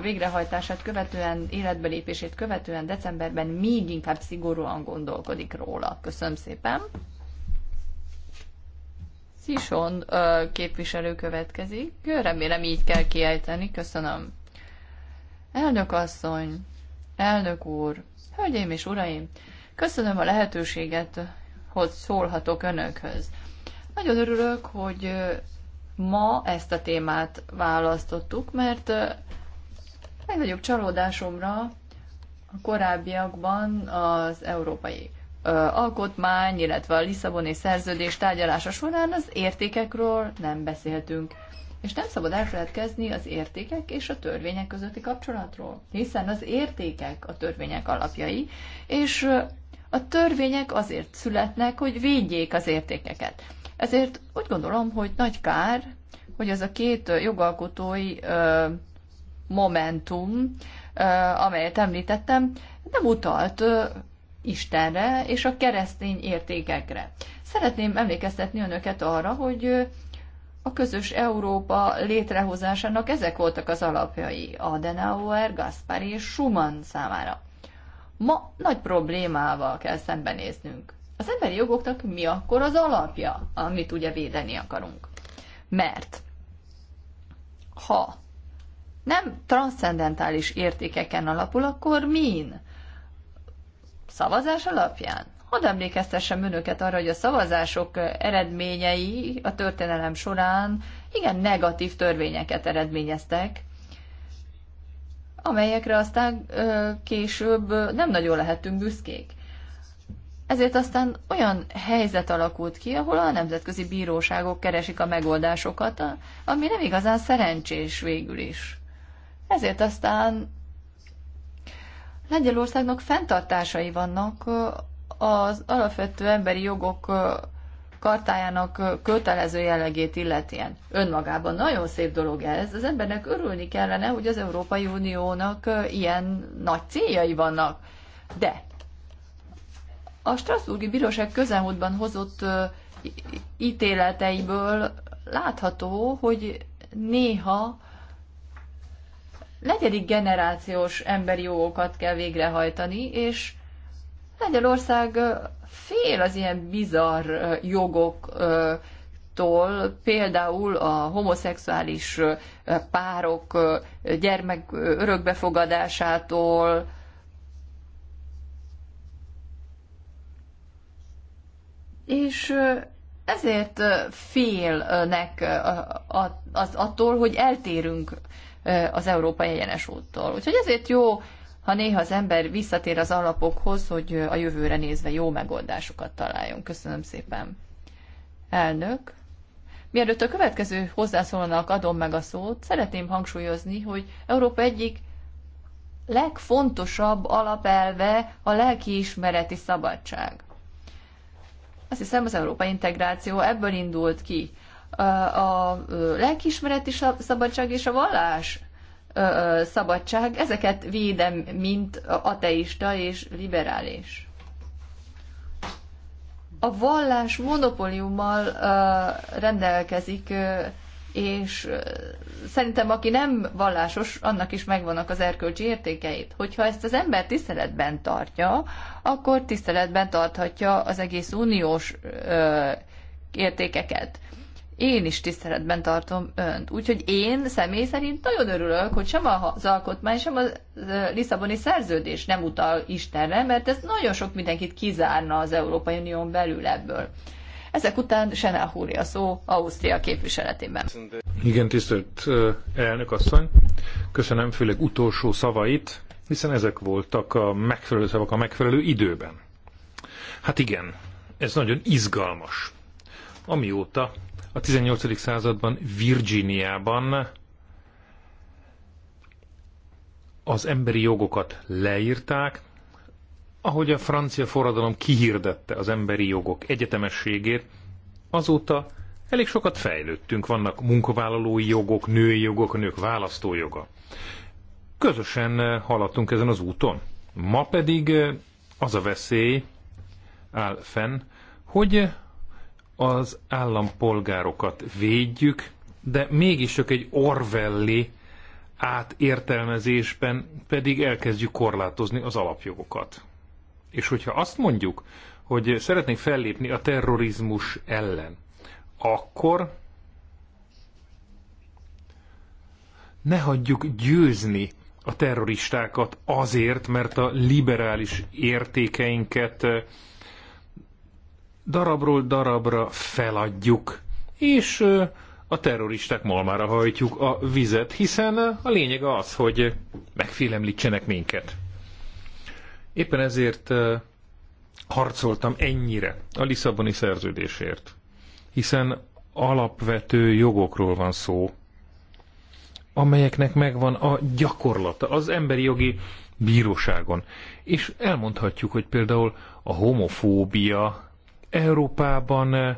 végrehajtását követően, életbelépését követően decemberben még inkább szigorúan gondolkodik róla. Köszönöm szépen! Szison képviselő következik. Remélem így kell kiejteni. Köszönöm. Elnök asszony, elnök úr, hölgyeim és uraim, köszönöm a lehetőséget, hoz szólhatok önökhöz. Nagyon örülök, hogy ma ezt a témát választottuk, mert legnagyobb csalódásomra a korábbiakban az európai alkotmány, illetve a Lisszaboni szerződés tárgyalása során az értékekről nem beszéltünk. És nem szabad elfeledkezni az értékek és a törvények közötti kapcsolatról, hiszen az értékek a törvények alapjai, és a törvények azért születnek, hogy védjék az értékeket. Ezért úgy gondolom, hogy nagy kár, hogy ez a két jogalkotói ö, momentum, ö, amelyet említettem, nem utalt ö, Istenre és a keresztény értékekre. Szeretném emlékeztetni önöket arra, hogy a közös Európa létrehozásának ezek voltak az alapjai Adenauer, Gaspari és Schumann számára ma nagy problémával kell szembenéznünk. Az emberi jogoknak mi akkor az alapja, amit ugye védeni akarunk? Mert ha nem transzcendentális értékeken alapul, akkor min? Szavazás alapján? Hadd emlékeztessem önöket arra, hogy a szavazások eredményei a történelem során igen negatív törvényeket eredményeztek, amelyekre aztán később nem nagyon lehetünk büszkék. Ezért aztán olyan helyzet alakult ki, ahol a nemzetközi bíróságok keresik a megoldásokat, ami nem igazán szerencsés végül is. Ezért aztán Lengyelországnak fenntartásai vannak az alapvető emberi jogok kartájának kötelező jellegét illetően. Önmagában nagyon szép dolog ez, az embernek örülni kellene, hogy az Európai Uniónak ilyen nagy céljai vannak. De a Strasburgi Bíróság közelmúltban hozott ítéleteiből látható, hogy néha negyedik generációs emberi jogokat kell végrehajtani, és Lengyelország fél az ilyen bizarr jogoktól, például a homoszexuális párok gyermek örökbefogadásától, és ezért félnek attól, hogy eltérünk az európai egyenes úttól. Úgyhogy ezért jó ha néha az ember visszatér az alapokhoz, hogy a jövőre nézve jó megoldásokat találjon. Köszönöm szépen. Elnök. Mielőtt a következő hozzászólónak adom meg a szót, szeretném hangsúlyozni, hogy Európa egyik legfontosabb alapelve a lelkiismereti szabadság. Azt hiszem az európai integráció ebből indult ki. A lelkiismereti szabadság és a vallás szabadság, ezeket védem, mint ateista és liberális. A vallás monopóliummal rendelkezik, és szerintem aki nem vallásos, annak is megvannak az erkölcsi értékeit. Hogyha ezt az ember tiszteletben tartja, akkor tiszteletben tarthatja az egész uniós értékeket én is tiszteletben tartom önt. Úgyhogy én személy szerint nagyon örülök, hogy sem az alkotmány, sem a Lisszaboni szerződés nem utal Istenre, mert ez nagyon sok mindenkit kizárna az Európai Unión belül ebből. Ezek után Senel Húri a szó Ausztria képviseletében. Igen, tisztelt elnök asszony, köszönöm főleg utolsó szavait, hiszen ezek voltak a megfelelő szavak a megfelelő időben. Hát igen, ez nagyon izgalmas. Amióta a 18. században Virginiában az emberi jogokat leírták, ahogy a francia forradalom kihirdette az emberi jogok egyetemességét, azóta elég sokat fejlődtünk, vannak munkavállalói jogok, női jogok, a nők választójoga. Közösen haladtunk ezen az úton. Ma pedig eh, az a veszély áll fenn, hogy az állampolgárokat védjük, de mégis csak egy orvelli átértelmezésben pedig elkezdjük korlátozni az alapjogokat. És hogyha azt mondjuk, hogy szeretnénk fellépni a terrorizmus ellen, akkor ne hagyjuk győzni a terroristákat azért, mert a liberális értékeinket darabról darabra feladjuk, és a terroristák malmára hajtjuk a vizet, hiszen a lényeg az, hogy megfélemlítsenek minket. Éppen ezért harcoltam ennyire a Lisszaboni szerződésért, hiszen alapvető jogokról van szó, amelyeknek megvan a gyakorlata az emberi jogi bíróságon. És elmondhatjuk, hogy például a homofóbia Európában eh,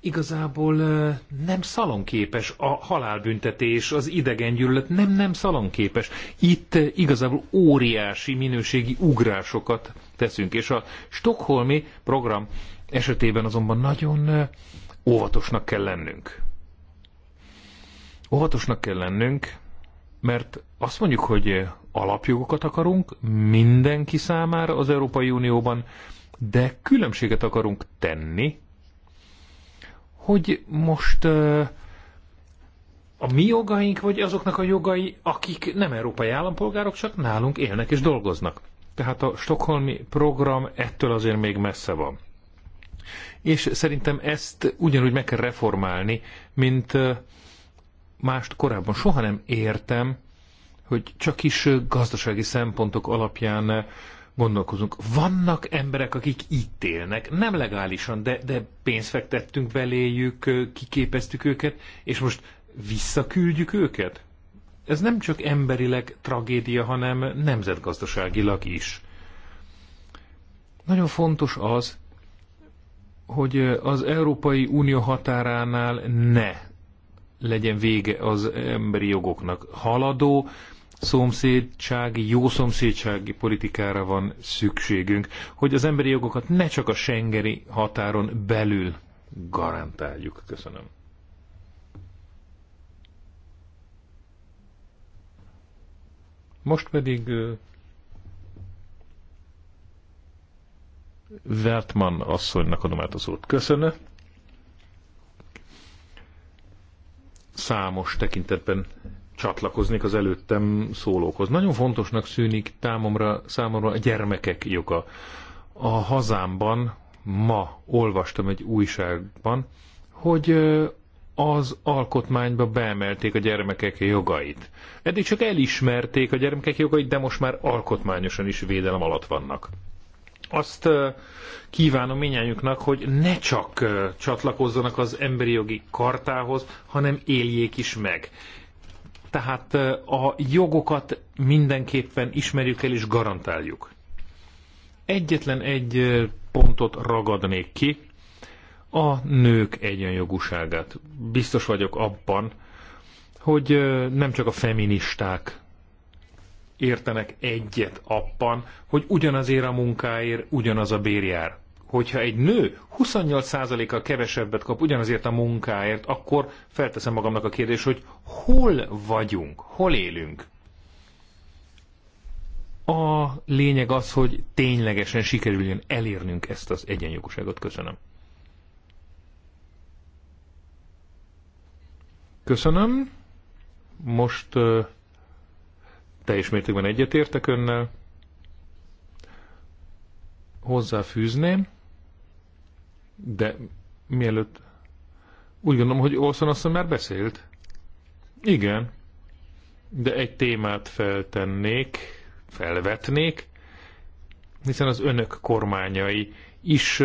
igazából eh, nem szalonképes a halálbüntetés, az idegengyűlölet nem, nem szalonképes. Itt eh, igazából óriási minőségi ugrásokat teszünk, és a Stockholmi program esetében azonban nagyon óvatosnak kell lennünk. Óvatosnak kell lennünk, mert azt mondjuk, hogy alapjogokat akarunk mindenki számára az Európai Unióban, de különbséget akarunk tenni, hogy most a mi jogaink, vagy azoknak a jogai, akik nem európai állampolgárok, csak nálunk élnek és dolgoznak. Tehát a stokholmi program ettől azért még messze van. És szerintem ezt ugyanúgy meg kell reformálni, mint mást korábban soha nem értem, hogy csak is gazdasági szempontok alapján gondolkozunk. Vannak emberek, akik itt élnek, nem legálisan, de, de pénzt fektettünk beléjük, kiképeztük őket, és most visszaküldjük őket? Ez nem csak emberileg tragédia, hanem nemzetgazdaságilag is. Nagyon fontos az, hogy az Európai Unió határánál ne legyen vége az emberi jogoknak. Haladó szomszédsági, jó szomszédsági politikára van szükségünk, hogy az emberi jogokat ne csak a Schengeni határon belül garantáljuk. Köszönöm. Most pedig Vertman asszonynak adom át a szót. Köszönöm. Számos tekintetben csatlakoznék az előttem szólókhoz. Nagyon fontosnak szűnik támomra, számomra a gyermekek joga. A hazámban ma olvastam egy újságban, hogy az alkotmányba beemelték a gyermekek jogait. Eddig csak elismerték a gyermekek jogait, de most már alkotmányosan is védelem alatt vannak. Azt kívánom minnyájuknak, hogy ne csak csatlakozzanak az emberi jogi kartához, hanem éljék is meg. Tehát a jogokat mindenképpen ismerjük el és garantáljuk. Egyetlen egy pontot ragadnék ki, a nők egyenjogúságát. Biztos vagyok abban, hogy nem csak a feministák értenek egyet abban, hogy ugyanazért a munkáért ugyanaz a bérjár hogyha egy nő 28%-kal kevesebbet kap ugyanazért a munkáért, akkor felteszem magamnak a kérdést, hogy hol vagyunk, hol élünk. A lényeg az, hogy ténylegesen sikerüljön elérnünk ezt az egyenjogúságot. Köszönöm. Köszönöm. Most uh, teljes mértékben egyetértek önnel hozzáfűzném, de mielőtt úgy gondolom, hogy Olson asszony már beszélt. Igen. De egy témát feltennék, felvetnék, hiszen az önök kormányai is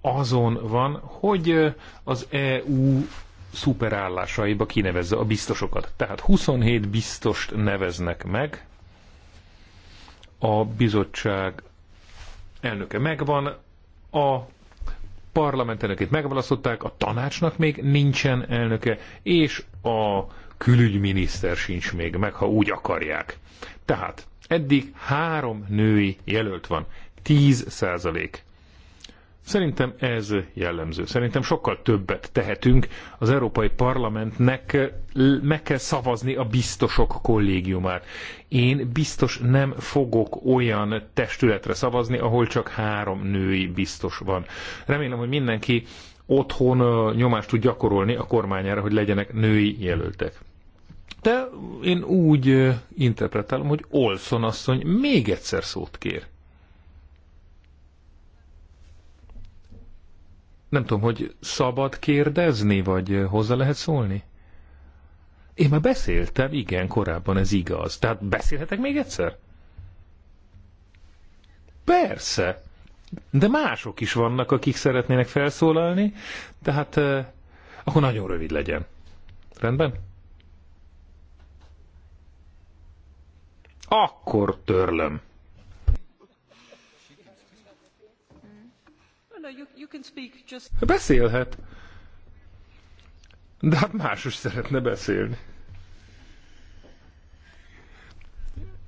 azon van, hogy az EU szuperállásaiba kinevezze a biztosokat. Tehát 27 biztost neveznek meg, a bizottság elnöke megvan, a parlament elnökét megválasztották, a tanácsnak még nincsen elnöke, és a külügyminiszter sincs még meg, ha úgy akarják. Tehát eddig három női jelölt van, 10 százalék. Szerintem ez jellemző. Szerintem sokkal többet tehetünk. Az Európai Parlamentnek eh, meg kell szavazni a biztosok kollégiumát. Én biztos nem fogok olyan testületre szavazni, ahol csak három női biztos van. Remélem, hogy mindenki otthon eh, nyomást tud gyakorolni a kormányára, hogy legyenek női jelöltek. De én úgy eh, interpretálom, hogy Olson asszony még egyszer szót kér. Nem tudom, hogy szabad kérdezni, vagy hozzá lehet szólni? Én már beszéltem, igen, korábban ez igaz. Tehát beszélhetek még egyszer? Persze. De mások is vannak, akik szeretnének felszólalni, tehát eh, akkor nagyon rövid legyen. Rendben? Akkor törlöm. Beszélhet. De hát más is szeretne beszélni.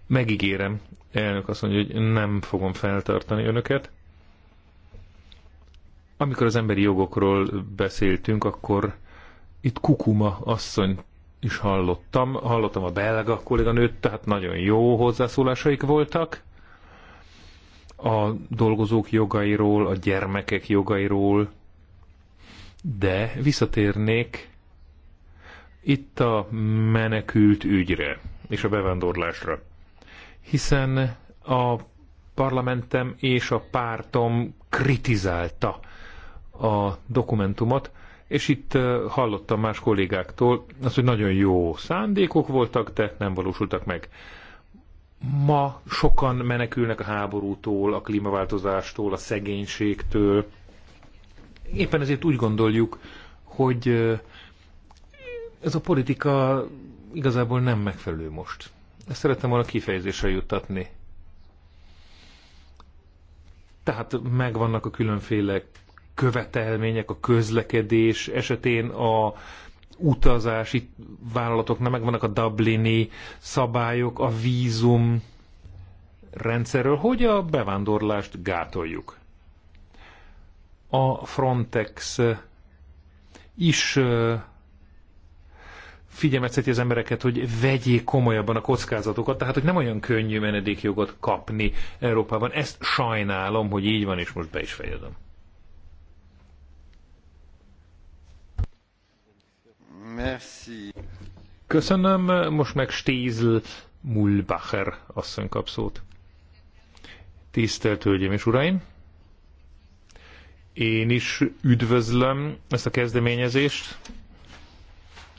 Megígérem, elnök azt mondja, hogy nem fogom feltartani önöket. Amikor az emberi jogokról beszéltünk, akkor itt Kukuma asszony is hallottam. Hallottam a belga kolléganőt, tehát nagyon jó hozzászólásaik voltak a dolgozók jogairól, a gyermekek jogairól, de visszatérnék itt a menekült ügyre és a bevándorlásra. Hiszen a parlamentem és a pártom kritizálta a dokumentumot, és itt hallottam más kollégáktól azt, hogy nagyon jó szándékok voltak, de nem valósultak meg. Ma sokan menekülnek a háborútól, a klímaváltozástól, a szegénységtől. Éppen ezért úgy gondoljuk, hogy ez a politika igazából nem megfelelő most. Ezt szerettem volna kifejezésre juttatni. Tehát megvannak a különféle követelmények a közlekedés esetén, a utazási nem megvannak a Dublini szabályok, a vízum rendszerről, hogy a bevándorlást gátoljuk. A Frontex is figyelmezteti az embereket, hogy vegyék komolyabban a kockázatokat, tehát hogy nem olyan könnyű menedékjogot kapni Európában. Ezt sajnálom, hogy így van, és most be is fejezem. Merci. Köszönöm, most meg Stézl Mulbacher asszony kap szót. Tisztelt Hölgyeim és Uraim! Én is üdvözlöm ezt a kezdeményezést,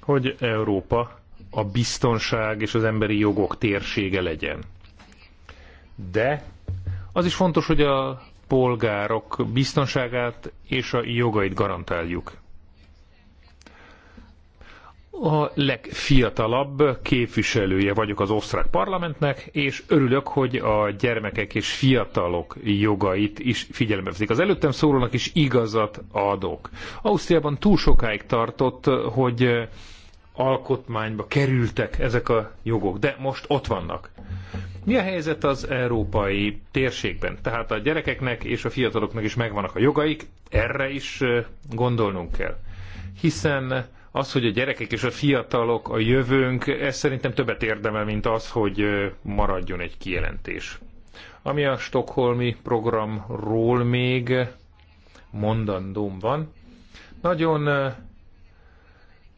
hogy Európa a biztonság és az emberi jogok térsége legyen. De az is fontos, hogy a polgárok biztonságát és a jogait garantáljuk a legfiatalabb képviselője vagyok az osztrák parlamentnek, és örülök, hogy a gyermekek és fiatalok jogait is figyelembe veszik. Az előttem szólónak is igazat adok. Ausztriában túl sokáig tartott, hogy alkotmányba kerültek ezek a jogok, de most ott vannak. Mi a helyzet az európai térségben? Tehát a gyerekeknek és a fiataloknak is megvannak a jogaik, erre is eh, gondolnunk kell. Hiszen az, hogy a gyerekek és a fiatalok a jövőnk, ez szerintem többet érdemel, mint az, hogy maradjon egy kijelentés. Ami a stokholmi programról még mondandóm van, nagyon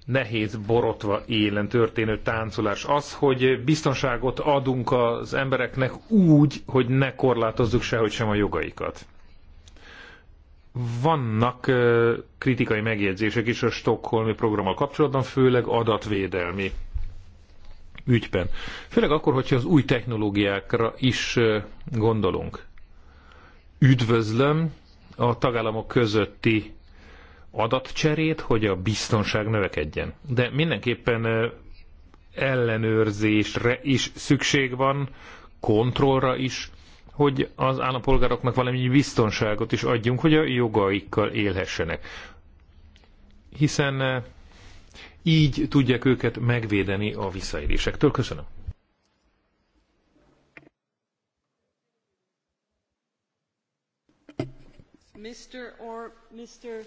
nehéz borotva élen történő táncolás. Az, hogy biztonságot adunk az embereknek úgy, hogy ne korlátozzuk sehogy sem a jogaikat vannak kritikai megjegyzések is a Stockholmi programmal kapcsolatban, főleg adatvédelmi ügyben. Főleg akkor, hogyha az új technológiákra is gondolunk. Üdvözlöm a tagállamok közötti adatcserét, hogy a biztonság növekedjen. De mindenképpen ellenőrzésre is szükség van, kontrollra is, hogy az állampolgároknak valami biztonságot is adjunk, hogy a jogaikkal élhessenek. Hiszen eh, így tudják őket megvédeni a visszaélésektől. Köszönöm. Mr. or Mr.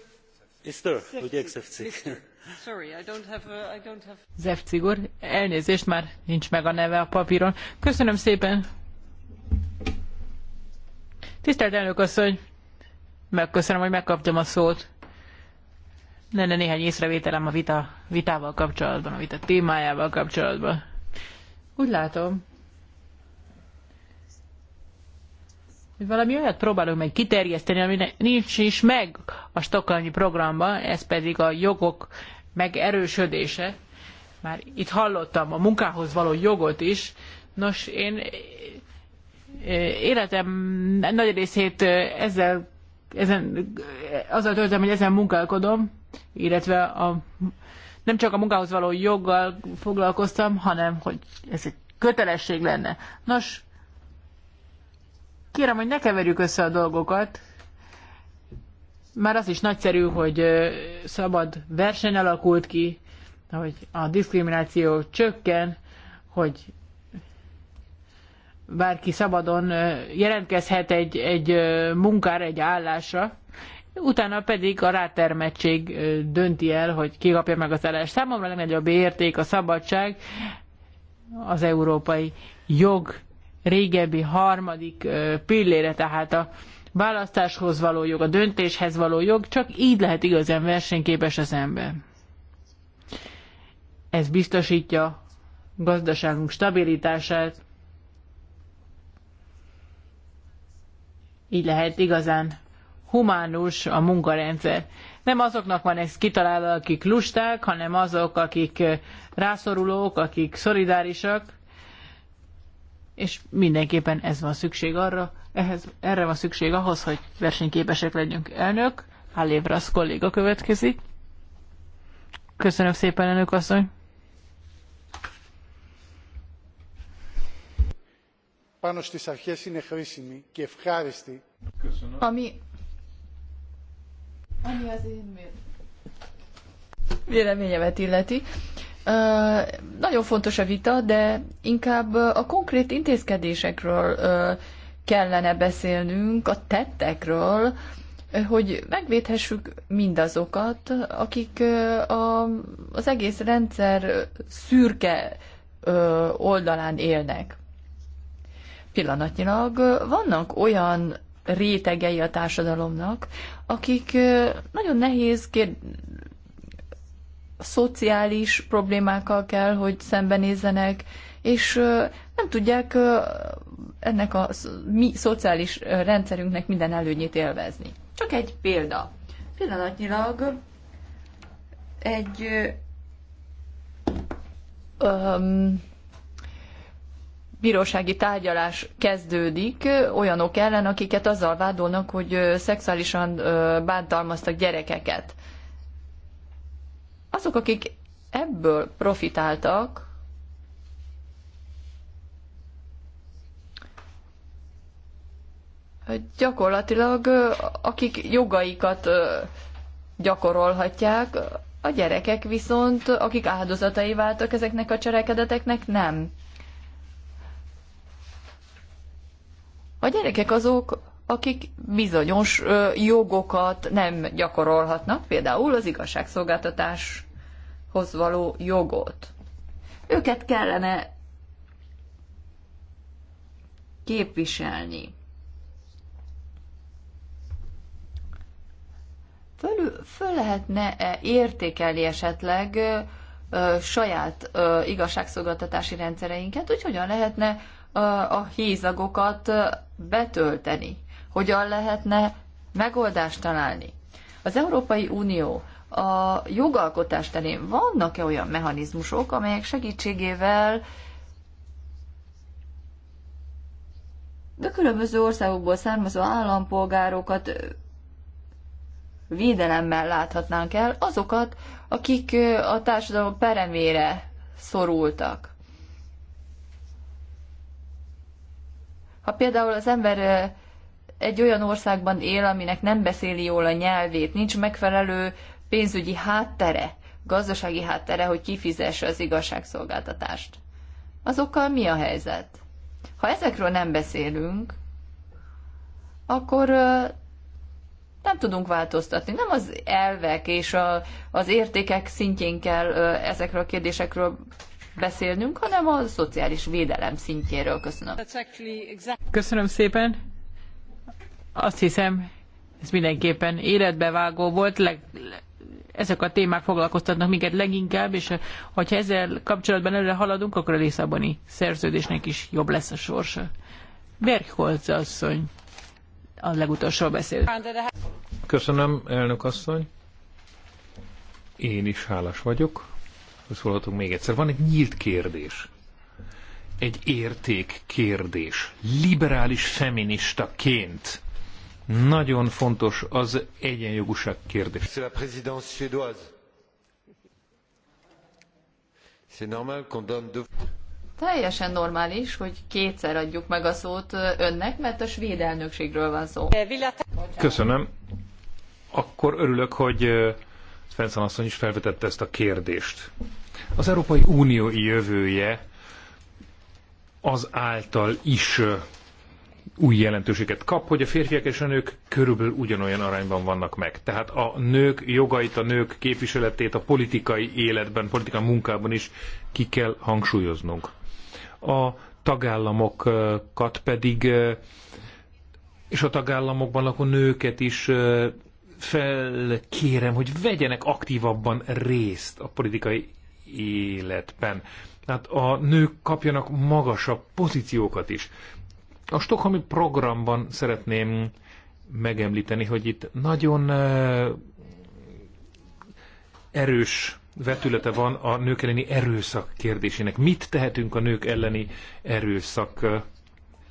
Mr. ugye I don't have, I don't have... elnézést, már nincs meg a neve a papíron. Köszönöm szépen, Tisztelt elnök asszony, megköszönöm, hogy megkaptam a szót. Lenne néhány észrevételem a vita, vitával kapcsolatban, a vita témájával kapcsolatban. Úgy látom, hogy valami olyat próbálunk meg kiterjeszteni, ami nincs is meg a stokkalnyi programban, ez pedig a jogok megerősödése. Már itt hallottam a munkához való jogot is. Nos, én életem nagy részét ezzel, ezen, azzal töltöm, hogy ezen munkálkodom, illetve a, nem csak a munkához való joggal foglalkoztam, hanem hogy ez egy kötelesség lenne. Nos, kérem, hogy ne keverjük össze a dolgokat. Már az is nagyszerű, hogy szabad verseny alakult ki, hogy a diszkrimináció csökken, hogy bárki szabadon jelentkezhet egy, egy munkára, egy állásra, utána pedig a rátermettség dönti el, hogy ki kapja meg az állást. Számomra a legnagyobb érték a szabadság, az európai jog régebbi harmadik pillére, tehát a választáshoz való jog, a döntéshez való jog, csak így lehet igazán versenyképes az ember. Ez biztosítja gazdaságunk stabilitását, Így lehet igazán humánus a munkarendszer. Nem azoknak van ez kitalálva, akik lusták, hanem azok, akik eh, rászorulók, akik szolidárisak, és mindenképpen ez van szükség arra, ehhez, erre van szükség ahhoz, hogy versenyképesek legyünk. Elnök, Hallévrasz kolléga következik. Köszönöm szépen, elnök asszony. πάνω στις αρχές είναι χρήσιμη και ευχάριστη. Ami, ami az én véleményemet illeti. Uh, nagyon fontos a vita, de inkább a konkrét intézkedésekről uh, kellene beszélnünk, a tettekről, hogy megvédhessük mindazokat, akik a, az egész rendszer szürke oldalán élnek pillanatnyilag vannak olyan rétegei a társadalomnak, akik nagyon nehéz kér... szociális problémákkal kell, hogy szembenézzenek, és nem tudják ennek a mi szociális rendszerünknek minden előnyét élvezni. Csak egy példa. Pillanatnyilag egy bírósági tárgyalás kezdődik olyanok ellen, akiket azzal vádolnak, hogy szexuálisan bántalmaztak gyerekeket. Azok, akik ebből profitáltak, gyakorlatilag akik jogaikat gyakorolhatják, a gyerekek viszont, akik áldozatai váltak ezeknek a cselekedeteknek, nem. A gyerekek azok, akik bizonyos jogokat nem gyakorolhatnak, például az igazságszolgáltatáshoz való jogot. Őket kellene képviselni. Föl, föl lehetne -e értékelni esetleg ö, saját ö, igazságszolgáltatási rendszereinket, hogy hogyan lehetne a hézagokat betölteni? Hogyan lehetne megoldást találni? Az Európai Unió a jogalkotás terén vannak-e olyan mechanizmusok, amelyek segítségével de különböző országokból származó állampolgárokat védelemmel láthatnánk el azokat, akik a társadalom peremére szorultak. Ha például az ember egy olyan országban él, aminek nem beszéli jól a nyelvét, nincs megfelelő pénzügyi háttere, gazdasági háttere, hogy kifizesse az igazságszolgáltatást. Azokkal mi a helyzet? Ha ezekről nem beszélünk, akkor nem tudunk változtatni. Nem az elvek és a, az értékek szintjén kell ezekről a kérdésekről beszélnünk, hanem a szociális védelem szintjéről. Köszönöm. Köszönöm szépen. Azt hiszem, ez mindenképpen életbevágó volt. Leg, ezek a témák foglalkoztatnak minket leginkább, és hogyha ezzel kapcsolatban előre haladunk, akkor a Lisszaboni szerződésnek is jobb lesz a sorsa. Berkholz asszony a legutolsó beszél. Köszönöm, elnök asszony. Én is hálás vagyok szólhatunk még egyszer. Van egy nyílt kérdés. Egy érték kérdés. Liberális feministaként nagyon fontos az egyenjogúság kérdés. C'est la présidence suédoise. C'est normal qu'on donne deux teljesen normális, hogy kétszer adjuk meg a szót önnek, mert a svéd elnökségről van szó. Köszönöm. Akkor örülök, hogy Svensson asszony is felvetette ezt a kérdést. Az Európai Unió jövője az által is új jelentőséget kap, hogy a férfiak és a nők körülbelül ugyanolyan arányban vannak meg. Tehát a nők jogait, a nők képviseletét a politikai életben, politikai munkában is ki kell hangsúlyoznunk. A tagállamokat pedig, és a tagállamokban lakó nőket is felkérem, hogy vegyenek aktívabban részt a politikai életben. Tehát a nők kapjanak magasabb pozíciókat is. A Stockholmi programban szeretném megemlíteni, hogy itt nagyon eh, erős vetülete van a nők elleni erőszak kérdésének. Mit tehetünk a nők elleni erőszak eh,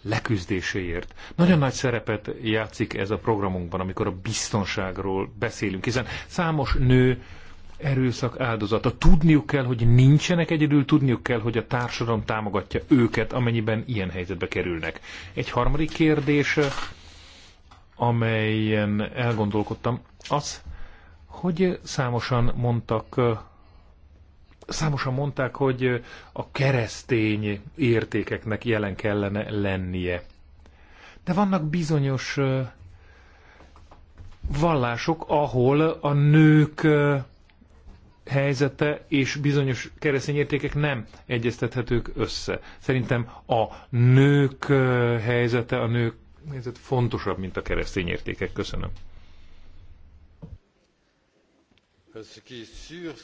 leküzdéséért. Nagyon nagy szerepet játszik ez a programunkban, amikor a biztonságról beszélünk, hiszen számos nő erőszak áldozata. Tudniuk kell, hogy nincsenek egyedül, tudniuk kell, hogy a társadalom támogatja őket, amennyiben ilyen helyzetbe kerülnek. Egy harmadik kérdés, amelyen elgondolkodtam, az, hogy számosan mondtak Számosan mondták, hogy a keresztény értékeknek jelen kellene lennie. De vannak bizonyos vallások, ahol a nők helyzete és bizonyos keresztény értékek nem egyeztethetők össze. Szerintem a nők helyzete, a nők helyzet fontosabb, mint a keresztény értékek. Köszönöm. Euh,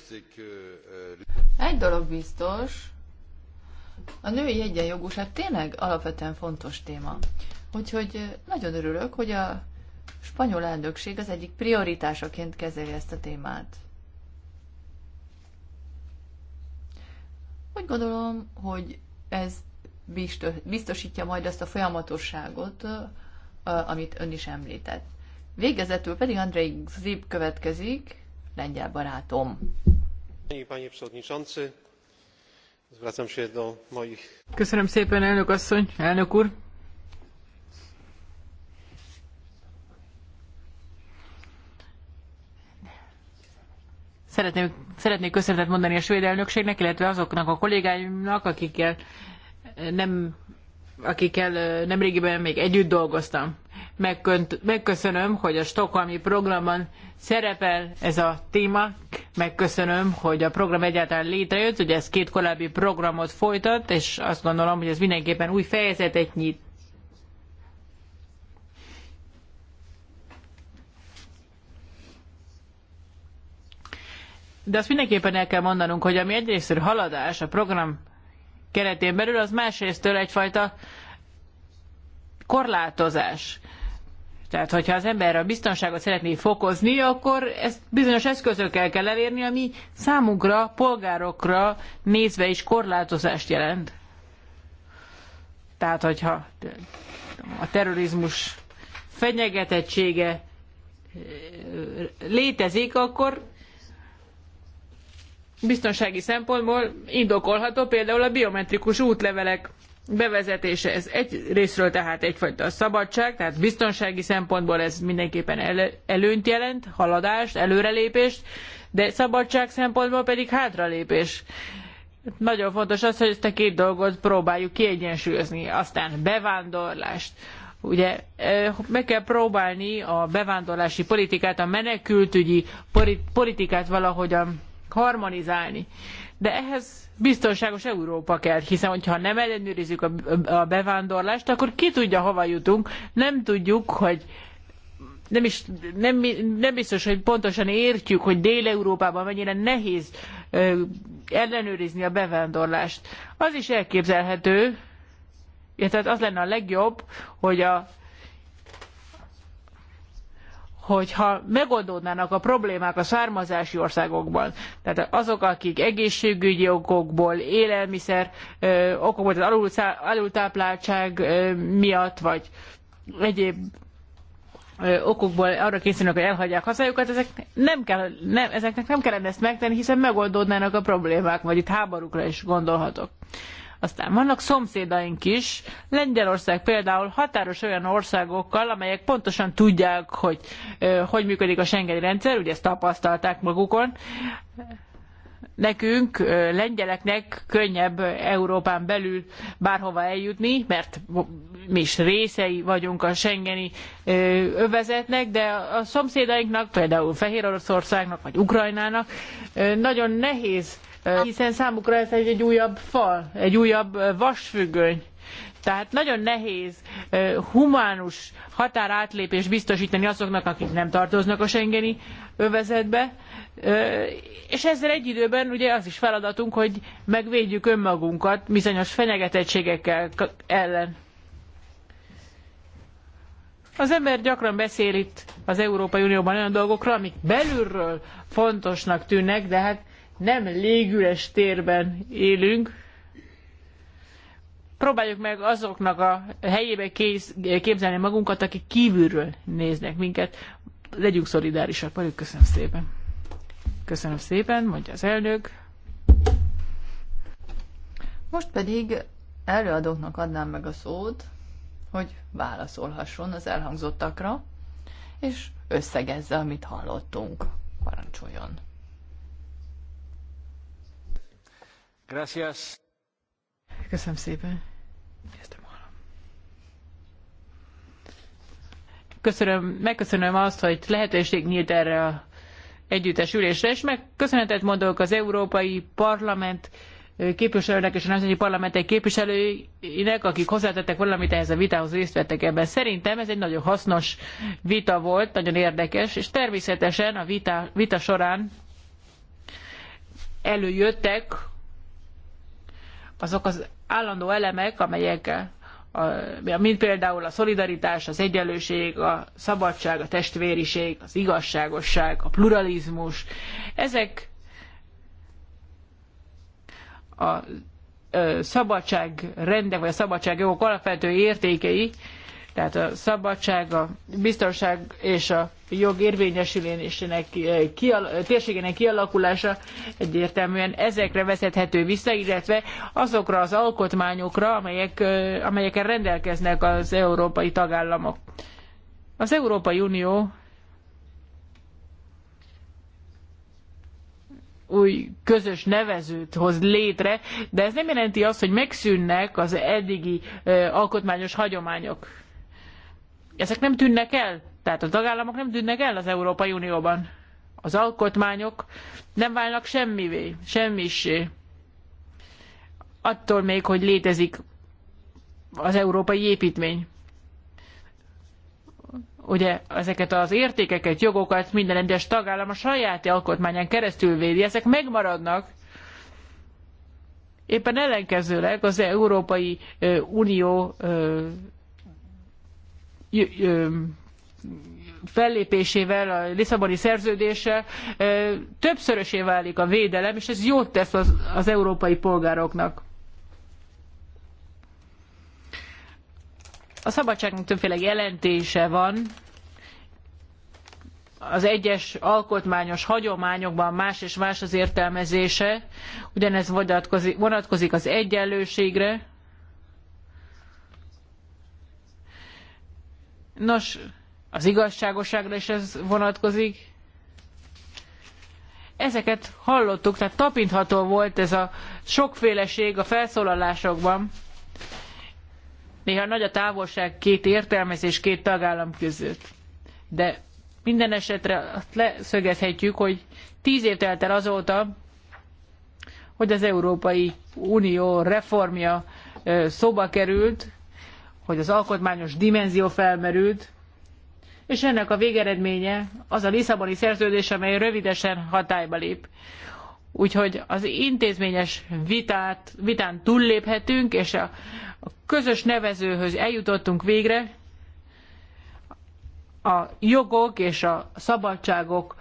Egy dolog biztos, a női egyenjogúság tényleg alapvetően fontos téma. Úgyhogy nagyon örülök, hogy a spanyol elnökség az egyik prioritásaként kezeli ezt a témát. Úgy gondolom, hogy ez biztosítja majd azt a folyamatosságot, amit ön is említett. Végezetül pedig Andrei Zib következik, lengyel barátom. Köszönöm szépen, elnök asszony, elnök úr. Szeretném, szeretnék köszönetet mondani a svéd elnökségnek, illetve azoknak a kollégáimnak, akikkel nem akikkel nemrégiben még együtt dolgoztam. Megköszönöm, hogy a Stockholmi programban szerepel ez a téma. Megköszönöm, hogy a program egyáltalán létrejött, hogy ez két korábbi programot folytat, és azt gondolom, hogy ez mindenképpen új fejezetet nyit. De azt mindenképpen el kell mondanunk, hogy ami egyrészt haladás a program keretén belül, az másrésztől egyfajta korlátozás. Tehát, hogyha az ember a biztonságot szeretné fokozni, akkor ezt bizonyos eszközökkel kell elérni, ami számunkra, polgárokra nézve is korlátozást jelent. Tehát, hogyha a terrorizmus fenyegetettsége eh, létezik, akkor biztonsági szempontból indokolható például a biometrikus útlevelek bevezetése. Ez egy részről tehát egyfajta szabadság, tehát biztonsági szempontból ez mindenképpen előnyt jelent, haladást, előrelépést, de szabadság szempontból pedig hátralépés. Nagyon fontos az, hogy ezt a két dolgot próbáljuk kiegyensúlyozni. Aztán bevándorlást. Ugye e, meg kell próbálni a bevándorlási politikát, a menekültügyi politikát valahogyan harmonizálni de ehhez biztonságos Európa kell, hiszen hogyha nem ellenőrizzük a bevándorlást, akkor ki tudja, hova jutunk, nem tudjuk, hogy nem, is, nem, nem biztos, hogy pontosan értjük, hogy Dél-Európában mennyire nehéz ö, ellenőrizni a bevándorlást. Az is elképzelhető, ja, tehát az lenne a legjobb, hogy a hogyha megoldódnának a problémák a származási országokban, tehát azok, akik egészségügyi okokból, élelmiszer okokból, tehát alul, alultápláltság miatt, vagy egyéb okokból arra kényszerülnek, hogy elhagyják hazájukat, ezek nem kell, nem, ezeknek nem kellene ezt megtenni, hiszen megoldódnának a problémák, vagy itt háborúkra is gondolhatok. Aztán vannak szomszédaink is. Lengyelország például határos olyan országokkal, amelyek pontosan tudják, hogy hogy működik a Schengeni rendszer, ugye ezt tapasztalták magukon. Nekünk, lengyeleknek könnyebb Európán belül bárhova eljutni, mert mi is részei vagyunk a Schengeni övezetnek, de a szomszédainknak, például Fehér Oroszországnak vagy Ukrajnának nagyon nehéz hiszen számukra ez egy, egy újabb fal, egy újabb vasfüggöny. Tehát nagyon nehéz humánus határátlépést biztosítani azoknak, akik nem tartoznak a Schengeni övezetbe, és ezzel egy időben ugye az is feladatunk, hogy megvédjük önmagunkat bizonyos fenyegetettségekkel ellen. Az ember gyakran beszél itt az Európai Unióban olyan dolgokról, amik belülről fontosnak tűnnek, de hát nem légüres térben élünk. Próbáljuk meg azoknak a helyébe képzelni magunkat, akik kívülről néznek minket. Legyünk szolidárisak velük. Köszönöm szépen. Köszönöm szépen, mondja az elnök. Most pedig előadóknak adnám meg a szót, hogy válaszolhasson az elhangzottakra, és összegezze, amit hallottunk. Parancsoljon! Gracias. Köszönöm szépen. Köszönöm, megköszönöm azt, hogy lehetőség nyílt erre a együttes ülésre, és megköszönetet mondok az Európai Parlament képviselőnek és a nemzeti parlamentek képviselőinek, akik hozzátettek valamit ehhez a vitához, részt vettek ebben. Szerintem ez egy nagyon hasznos vita volt, nagyon érdekes, és természetesen a vita, vita során előjöttek azok az állandó elemek, amelyek a, mint például a szolidaritás, az egyenlőség, a szabadság, a testvériség, az igazságosság, a pluralizmus, ezek a szabadság, rendek vagy a szabadságjogok alapvető értékei, tehát a szabadság, a biztonság és a jog érvényesülésének eh, kial- térségének kialakulása egyértelműen ezekre vezethető vissza, illetve azokra az alkotmányokra, amelyek, eh, amelyekkel rendelkeznek az európai tagállamok. Az Európai Unió új közös nevezőt hoz létre, de ez nem jelenti azt, hogy megszűnnek az eddigi eh, alkotmányos hagyományok ezek nem tűnnek el. Tehát a tagállamok nem tűnnek el az Európai Unióban. Az alkotmányok nem válnak semmivé, semmisé. Attól még, hogy létezik az európai építmény. Ugye ezeket az értékeket, jogokat minden egyes tagállam a saját alkotmányán keresztül védi, ezek megmaradnak. Éppen ellenkezőleg az Európai Unió fellépésével, a Lisszaboni szerződéssel többszörösé válik a védelem, és ez jót tesz az, az európai polgároknak. A szabadságnak többféle jelentése van, az egyes alkotmányos hagyományokban más és más az értelmezése, ugyanez vonatkozik, vonatkozik az egyenlőségre, Nos, az igazságoságra is ez vonatkozik. Ezeket hallottuk, tehát tapintható volt ez a sokféleség a felszólalásokban. Néha nagy a távolság két értelmezés két tagállam között. De minden esetre azt leszögezhetjük, hogy tíz év telt el azóta, hogy az Európai Unió reformja szóba került, hogy az alkotmányos dimenzió felmerült, és ennek a végeredménye az a Lisszaboni szerződés, amely rövidesen hatályba lép. Úgyhogy az intézményes vitát, vitán túlléphetünk, és a, a közös nevezőhöz eljutottunk végre, a jogok és a szabadságok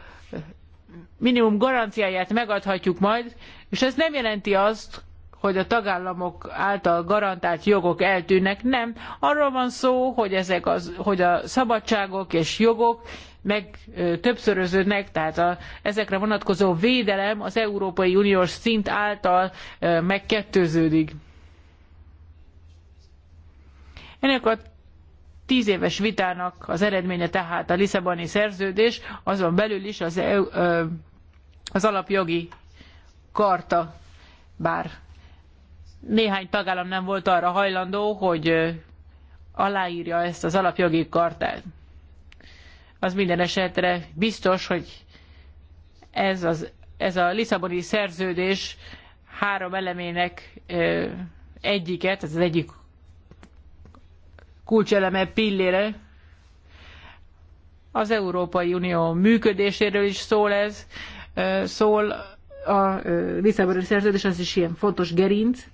minimum garanciáját megadhatjuk majd, és ez nem jelenti azt, hogy a tagállamok által garantált jogok eltűnnek. Nem, arról van szó, hogy, ezek az, hogy a szabadságok és jogok meg ö, többszöröződnek, tehát a, ezekre vonatkozó védelem az Európai Uniós szint által ö, megkettőződik. Ennek a tíz éves vitának az eredménye tehát a Lisszaboni szerződés, azon belül is az, EU, ö, az alapjogi karta, bár néhány tagállam nem volt arra hajlandó, hogy aláírja ezt az alapjogi kartát. Az minden esetre biztos, hogy ez, az, ez a Lisszaboni szerződés három elemének egyiket, ez az egyik kulcseleme pillére, az Európai Unió működéséről is szól ez, szól a Lisszaboni szerződés, az is ilyen fontos gerinc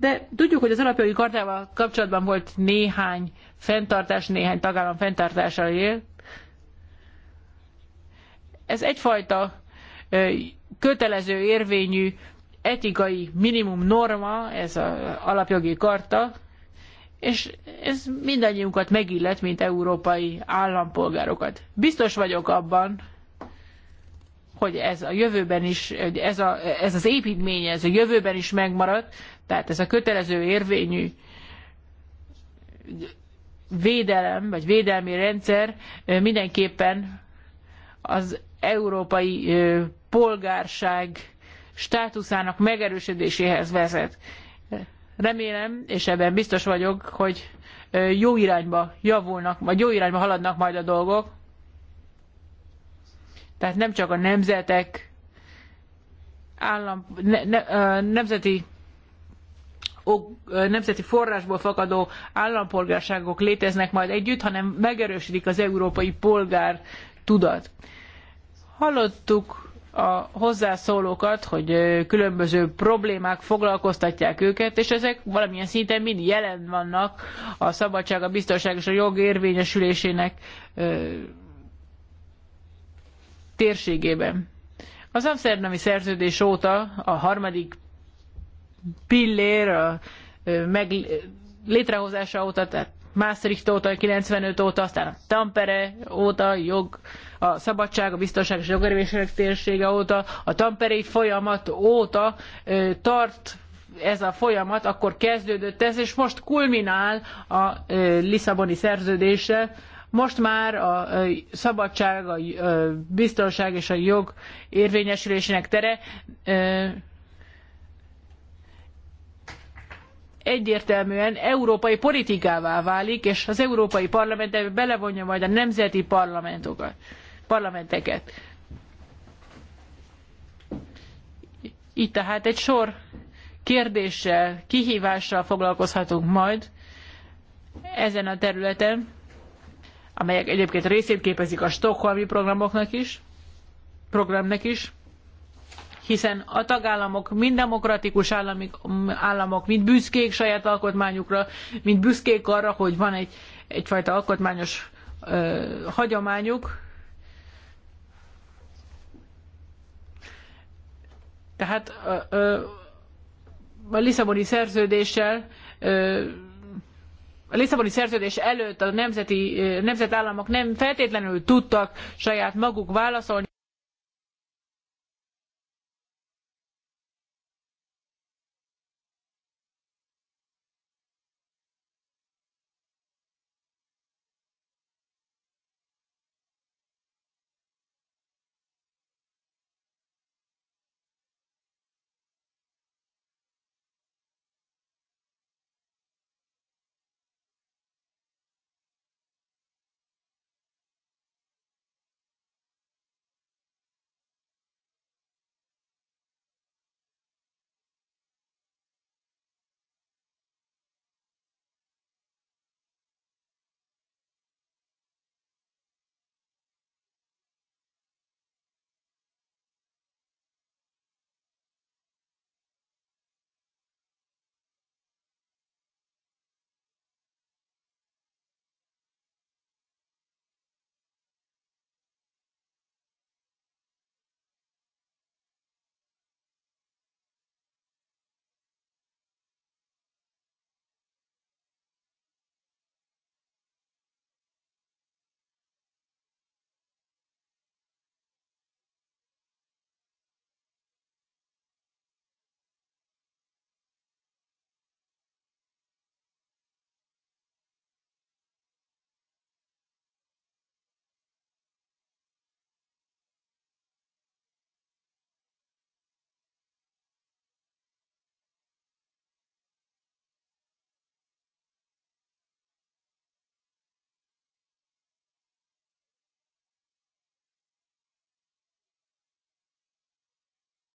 de tudjuk, hogy az alapjogi kartával kapcsolatban volt néhány fenntartás, néhány tagállam fenntartása él. Ez egyfajta kötelező érvényű etikai minimum norma, ez az alapjogi karta, és ez mindannyiunkat megillet, mint európai állampolgárokat. Biztos vagyok abban, hogy ez a jövőben is, ez, a, ez az építmény, ez a jövőben is megmaradt, tehát ez a kötelező érvényű védelem, vagy védelmi rendszer mindenképpen az európai polgárság státuszának megerősödéséhez vezet. Remélem, és ebben biztos vagyok, hogy jó irányba javulnak, vagy jó irányba haladnak majd a dolgok. Tehát nem csak a nemzetek, állam, ne, ne, nemzeti nemzeti forrásból fakadó állampolgárságok léteznek majd együtt, hanem megerősödik az európai polgár tudat. Hallottuk a hozzászólókat, hogy különböző problémák foglalkoztatják őket, és ezek valamilyen szinten mind jelen vannak a szabadság, a biztonság és a jog érvényesülésének térségében. Az Amsterdami szerződés óta a harmadik pillér a meg, létrehozása óta, tehát Maastricht óta, 95 óta, aztán a Tampere óta, jog, a szabadság, a biztonság és a jogerőség térsége óta, a Tamperei folyamat óta tart ez a folyamat, akkor kezdődött ez, és most kulminál a Lisszaboni szerződéssel, most már a szabadság, a biztonság és a jog érvényesülésének tere egyértelműen európai politikává válik, és az európai parlament belevonja majd a nemzeti parlamentokat, parlamenteket. Itt tehát egy sor kérdéssel, kihívással foglalkozhatunk majd ezen a területen, amelyek egyébként részét képezik a Stockholmi programoknak is, programnak is hiszen a tagállamok, mind demokratikus államok, mind büszkék saját alkotmányukra, mind büszkék arra, hogy van egy, egyfajta alkotmányos ö, hagyományuk. Tehát ö, ö, a Lisszaboni szerződéssel ö, a Lisszaboni szerződés előtt a nemzeti, nemzetállamok nem feltétlenül tudtak saját maguk válaszolni.